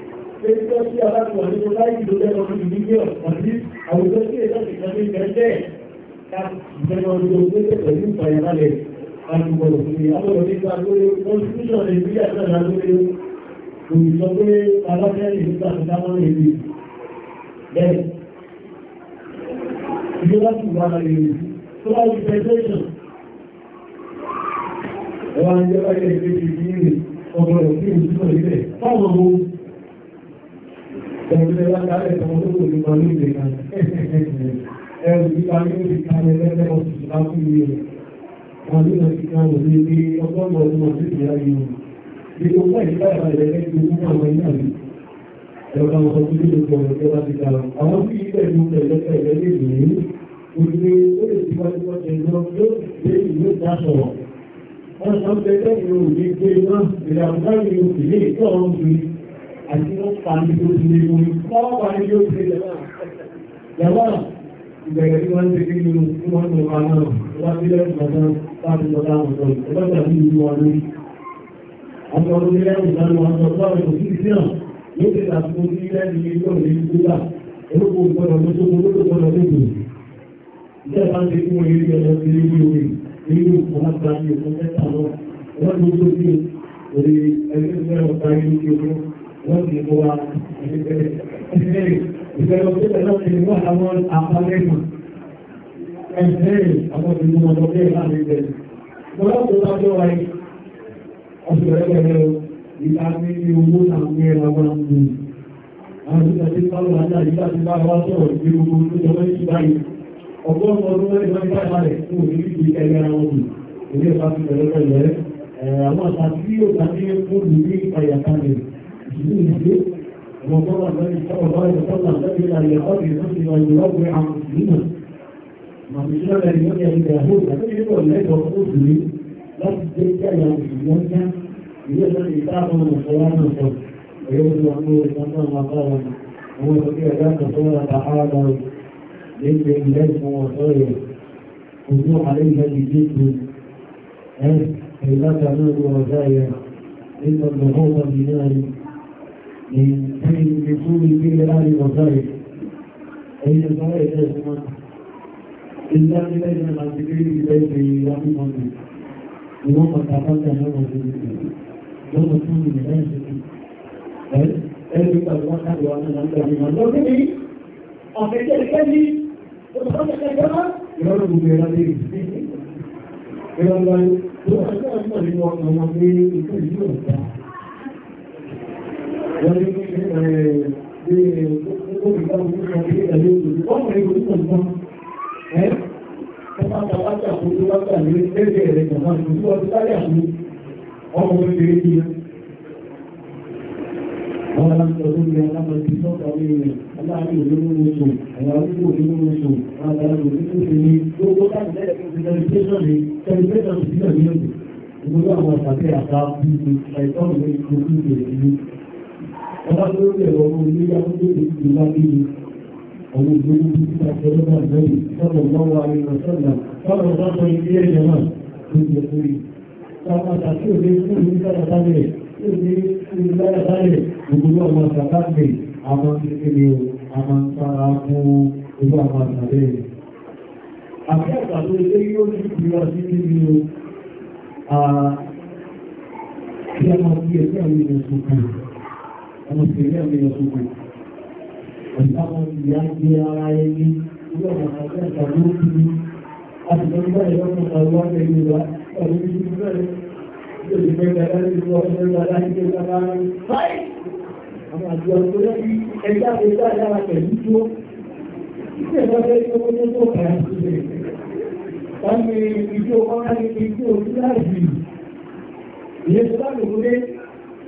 Speaker 1: pẹ̀lú tí a bá ti wà nínú láì ló lẹ́nu ọdún ìdílé ọ̀pọ̀lú àwùjọ sí èdè ìkan ní ìgbẹ́jẹ́ ìgbẹ́nu ọdún òṣèlú pẹ̀lú ìfàyàmálẹ̀ alùpùpọ̀ sí àbọ̀lọ̀ nípa lórí constitution Nàìjíríà náà lórí òyìnbó pé alábẹ́rẹ́ nípa ìdámọ́ èdè bẹ́ẹ̀ ìjọba ti wà lórí social fáwọn ohun ẹgbẹ́ látàrí ẹ̀tọ́ olóògùn ní ọdún ìgbẹ̀rẹ̀ ẹ̀rù ìgbà ní ó ti kààrẹ lẹ́lẹ́ ọ̀sùn láti rí ẹ̀ wọ́n ní ọ̀sùn kan wò ní pé ọgbọ́n ọdún ọdún ìgbẹ̀rẹ̀ yìí wọ́n ní kò pẹ́ ìgbà ìbàlẹ̀ lẹ́gbẹ̀ẹ́ ogun àwọn iná rí ẹ̀rọ àwọn ọdún ní gbogbo ọ̀rọ̀ tẹ́wà ti dára àwọn bí ilẹ̀ ìlú pẹ̀lẹ́pẹ̀ lẹ́lẹ́ ìlú òṣèré ó lè ti wájú wájú ẹ̀rọ yóò dé ìlú ìdásọ̀rọ̀ àti wọ́n pa tó ti lé wọn wọ́n pa ní tó ti lé wọn. Yàrá ìbẹ̀rẹ̀ tí wọ́n ń ṣe nínú tí wọ́n ń lọ náà wọ́n ti lẹ́yìn ọ̀dọ́ láti lọ láwọn ọ̀dọ́ ìjọba ní ìlú wọn lórí. Àwọn ọmọ ilé ẹ̀rù ìdáná wọn lọ sọ́ọ̀ ẹ̀kọ́ sí ìdí náà ló ti tàbí sí lẹ́nu ilé òní gbígbà olóko ìgbọ́dọ̀ tó tó olóko ìgbọ́dọ̀ tó tó. Ìjọba ń ṣe fún orí ẹ̀rọ ti lé wíwí nínú ọmọdé wọ́n ti kó wa ìfẹ́lẹ̀ òṣèlú náà ti wọ́n àwọn àpálẹ́mà ẹ̀fẹ́rẹ̀ àwọn ìlú ọmọ bẹ́ẹ̀ láti bẹ̀rẹ̀. Mo lọ́pọ̀ bá jọ wáyé, ọ̀sẹ̀ rẹ̀pẹ̀rẹ̀ ìta ní owó àwọn ẹ̀rọ wọn mú. Àwọn ìjọba ti bá wà ní àyíká ti bá wá sọ̀rọ̀ ní gbogbo ìjọba ti báyìí. Ọgọ́rùn-ún ọdún mẹ́rin máa ń bá balẹ̀ fún òní ìlú ẹgbẹ́ ara wọn mú. Ilé ìfàsí pẹ̀lẹ́pẹ̀lẹ́, àwọn àtàkì yóò tàbí fún ìlú ìpayà kalẹ̀. مسلمه وقال النبي صلى الله عليه وسلم الذي لا يقضي مسلما يروع عن مسلما ما مسلم لم يكن داوود الذي هو ليس مسلم لا تجد يا مسلمون هي التي تعمل الصيام الصبح ويجب ان يكون مقاما هو يستطيع ذلك صورة حاله ليس إليكم وخير خذوا عليها بجد أي لا تعملوا وزايا إلا الضغوط بنار في وصول كل آل وصائف أي صائف يسمى إلا إلينا العزيزين بيت يامي مندي يوم تقلت يوم الزمين يوم تكون من أجل أجل الوحد وأنا أنت من الله بني أخذت الكلي وتخلت الجمع يوم بيرادي إلى الله تؤخذ أجمل وأنا مندي كل يوم Ìgbogbo àwọn àṣàfẹ́ àṣà bí i ṣe ẹ̀tọ́ ìwé ìgbogbo ìgbèrè ìlú ọba tó rẹ̀ ọmọ ilé yàtọ̀ ìlú lábílì ọmọ ìgbèrú bí i ṣàṣẹ lọ́nà lẹ́yìn sọ́dọ̀ lọ́wọ́ àríwá sọ́dọ̀ sọ́dọ̀ sọ́dọ̀ ilé ẹ̀yẹ náà tó jẹ sórí sábàtà tí ò lè fún ìlú sábàtà rẹ̀ tí ò lè fún ìlú sábàtà rẹ̀ gbogbo ọmọ sábàtà rẹ̀ àwọn kékeré àwọn sára fún ìlú àwọn àtàlẹ́ rẹ̀ àti àtàlẹ́ ilé yóò ní ìrọ̀ sí nínú àti àwọn ìgbésẹ̀ àwọn ìgbésẹ̀ kan ọmọ ìpínlẹ̀ ọmọ ìyọ̀gbogbo ọ̀sán ìyá gbé ara ẹni ilé ọmọ ọ̀sán ìtàgbó kiri àtìlẹ́gbẹ́ ìlọ́pọ̀ ọ̀wọ́ ẹni wa ọ̀rọ̀ ìgbẹ́ ìgbẹ́ ìgbẹ́ ìgbẹ́ ìgbẹ́ ìgbẹ́ ìgbẹ́ ìgbẹ́ ìgbẹ́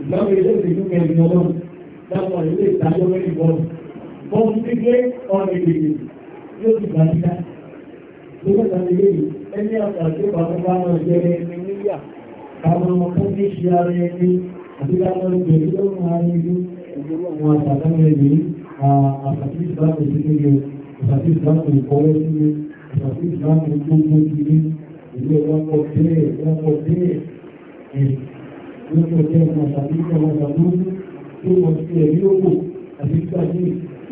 Speaker 1: Ìgbàmọ̀ ilé ìdíjú kẹrin ọlọ́run, dápọ̀ ilé ìdájọ́ mẹ́rin bọ́ọ̀lù. Bọ́ọ̀lù ti gbé ọ̀rẹ́ ìdíjú, yóò ti gbà níta. Gbogbo ìgbàmọ̀ ilé yìí, ẹni àtàkì bàbá bá wọn jẹ́ ẹni níyà, àwọn ọmọ fún ní ṣe ara ẹni àti láwọn ìgbè tí ó máa ń rí àwọn àtàkùn ẹ̀mí àtàkì ìsìláàmù sílé àtàkì ìsìláàmù ìkọwẹ́ sílé àtàkì ìsìláàmù gbogbo sílé ìlú ọlọ́pọ̀ bẹ́ẹ̀ ọlọ́pọ̀ bẹ́ẹ̀ lọ́pọ̀ bẹ́ẹ̀ ọmọ àtàkì ìsìláàmù àtàkì tó wọ́n ti ẹ̀rí òkú àti ìsìláàmù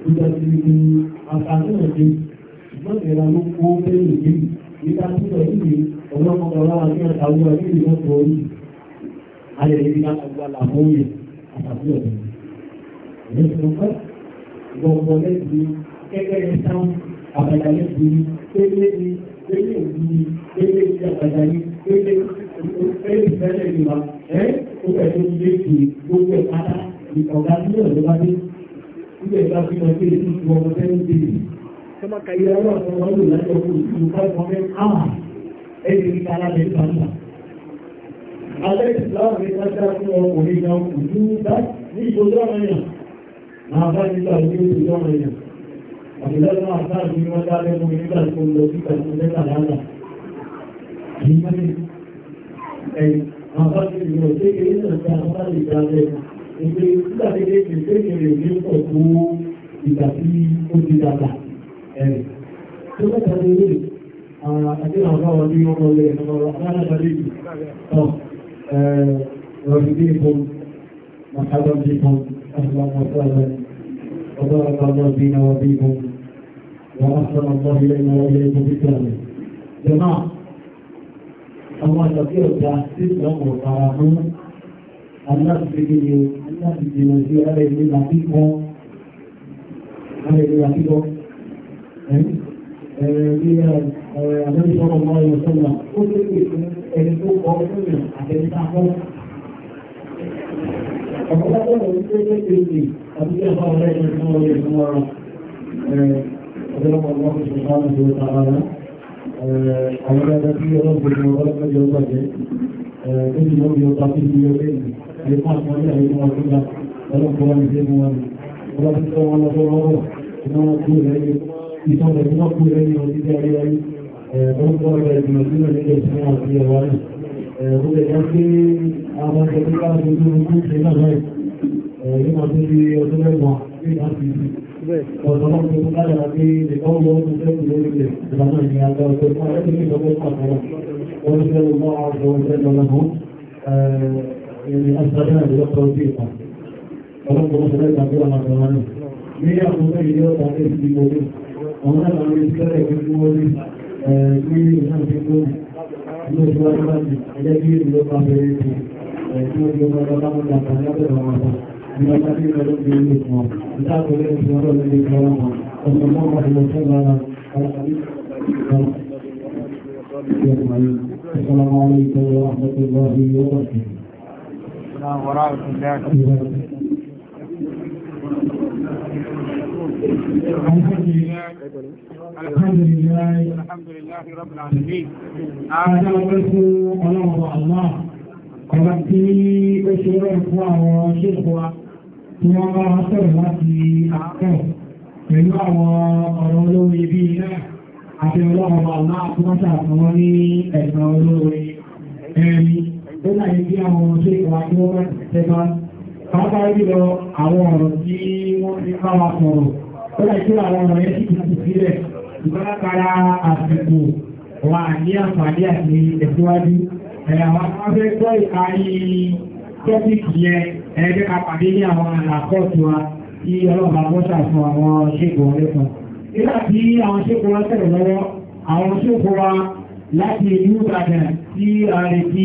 Speaker 1: ìgbà tí ìlú àtàkùn ẹ̀mí ṣùgbọ́n ìlera ló kó bẹ́ẹ̀ alẹ́rìíká agbára mọ́yè àtàbí ọ̀dọ́. Ìyẹn ti mọ̀ fẹ́ gbọ̀ngbọ̀ lẹ́bi kẹ́kẹ́ ní sáwọn àbàdà lẹ́bi pélé ní pélé ní pélé ní àbàdà ní pélé pélé ìfẹ́lẹ̀ ní wa ẹ́ ó bẹ̀ tó lé ti gbogbo ẹ̀ pátá ní ọ̀gá ní ọ̀dọ́ bá dé. Ibẹ̀ bá fi lọ e sí ètò ìwọ ọmọ sẹ́yìn dé. Ìyẹn ọlọ́run ọmọ lò lájọ́ fún ìlú alẹ́sìláàmù ní kájá fún ọkùnrin náà kò ní bá ní ìgbòjò ọ̀rẹ́yàn máa bá nígbà ní ìgbòjò ọ̀rẹ́yàn àbìlẹ́gbọ́n àtàrí ní wọ́n dáadé mú nígbà tó lọ sí ìgbàtí lẹ́gbà lára ìgbàtí àwọn bá ti rí ọ̀sẹ́ kéré náà sí àwọn bá lè dáadé ìgbé ìgbàtí kékeré ní pọ̀ tó ìgbà tí ó ti dàgbà ẹ̀rì tó mẹ́ta ní ilé àti àwọn ọmọ ọdún ọmọ ilẹ̀ ọmọ ọmọ أرحبكم مرحبا بكم أهلا وسهلا وبارك الله فينا وفيكم وأحسن الله إلينا وإليكم بالكامل جماعة الله يغفر لك ستر أمور الناس الناس بجيني الناس بجيني عليه من نعطيكم عليه من نعطيكم أمين أمين أمين صلى الله عليه وسلم قلت لك ẹni tó kọ́ fún mi àtẹnudá fún. ọ̀pọ̀lọpọ̀ òun tó lé tèmi àti bí ẹ̀fọ́ ọ̀rẹ́ ẹni fún ọ̀rẹ́ ẹ̀fún ọ̀rọ̀ ọ̀pọ̀lọpọ̀ ọ̀pọ̀ tó bá wọn tó ta ara àwọn ẹgbẹ́ tí ọlọ́pọ̀ tó wọ́n lọ́pọ̀ yọ ọgbà jẹ́ tó ti wọ́n yọ tàbí ti yọ lẹ́yìn ẹ̀fọ́ àtúnwọ́n ní àyíkọ́ wọn tó gbà ọlọ́pọ̀ wọn ṣe mú wọn ọlọ́pọ̀ tó wọn lọ́pọ̀ lọ́wọ́ ìtọ́lẹ̀ tí wọ́n kú lẹ́yìn ọdún orúkọ rẹ̀ ìgbìmọ̀ nílẹ̀ fún àti ẹ̀wà rẹ̀ ó lè jẹ́ pé àwọn ẹgbẹ́ káàkiri tó ń kúrò náà rẹ̀ nípa tó bí ọdún mẹ́wàá ní láti ọ̀dọ́lọ́ tó ń dára pé ìkọ́wọ́ ọdún tẹ́kù lórí rẹ̀ ìlànà ìrìn àjọ ọdún fún ẹgbẹ́ tó ń lọ́wọ́ pàtàkì wọ́n fẹ́ lọ́wọ́ àwọn ọ̀dọ́ lọ́wọ́ السلام عليكم ورحمة الله وبركاته. السلام ورحمة الله وبركاته. الحمد لله الحمد لله الحمد لله رب العالمين هذا الوقت الله الله ọba tí ó ṣe rẹ̀ fún àwọn ṣéèkù wa tí wọ́n bá wá sọ̀rọ̀ láti àpọ̀ pẹ̀lú àwọn ọ̀rọ̀ olóore bí iná àti ọlọ́run ọ̀la tí wọ́n ṣàfihàn ní ẹ̀sán olóore ẹ̀rí ó láyé bí àwọn ṣéèkù wa tí wọ́n bá tẹ́gbọ́n pàápàá àwọn ọ̀rọ̀ tí wọ́n ti bá wa sọ̀rọ̀ ó lè àwọn ọ̀rọ̀ yẹn sì ti ti sílẹ̀ ìbára kára àsìkò wà ní àǹfààní àti ìtẹ̀síwájú ẹ̀yà wa fẹ́ gbọ́ ìparí tọ́pìkì yẹn ẹgbẹ́ ká ní àwọn àkọ́ọ̀tù wa tí ọlọ́ọ̀bà mọ́ṣà fún àwọn ṣègùn ọlẹ́kan nígbà àwọn ṣègùn wa lọ́wọ́ àwọn ṣègùn wa láti ìlú Ìbàdàn tí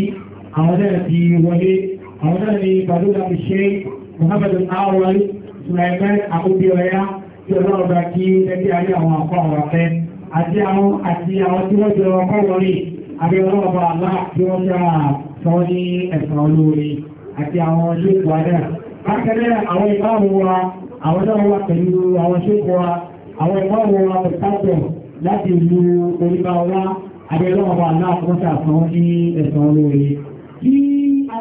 Speaker 1: a àwọn náà ti wọlé àwọn náà ni bàdúrà mi ṣe Muhammadu Awal Sulaiman Akubioya tí ọlọ́run bá kí ẹgbẹ́ ayé àwọn àkọ́ àwọn afẹ́ àti àwọn àti àwọn tí wọ́n jọ ọkọ́ wọlé àbí ọlọ́run bá àlá tí wọ́n ṣe sọ ní ẹ̀sán olóore àti àwọn ṣéèkù adá. Bákẹ́lẹ́ àwọn ìbáwò wa àwọn náà wà pẹ̀lú àwọn ṣéèkù wa àwọn ìbáwò wa pẹ̀lú pàtó láti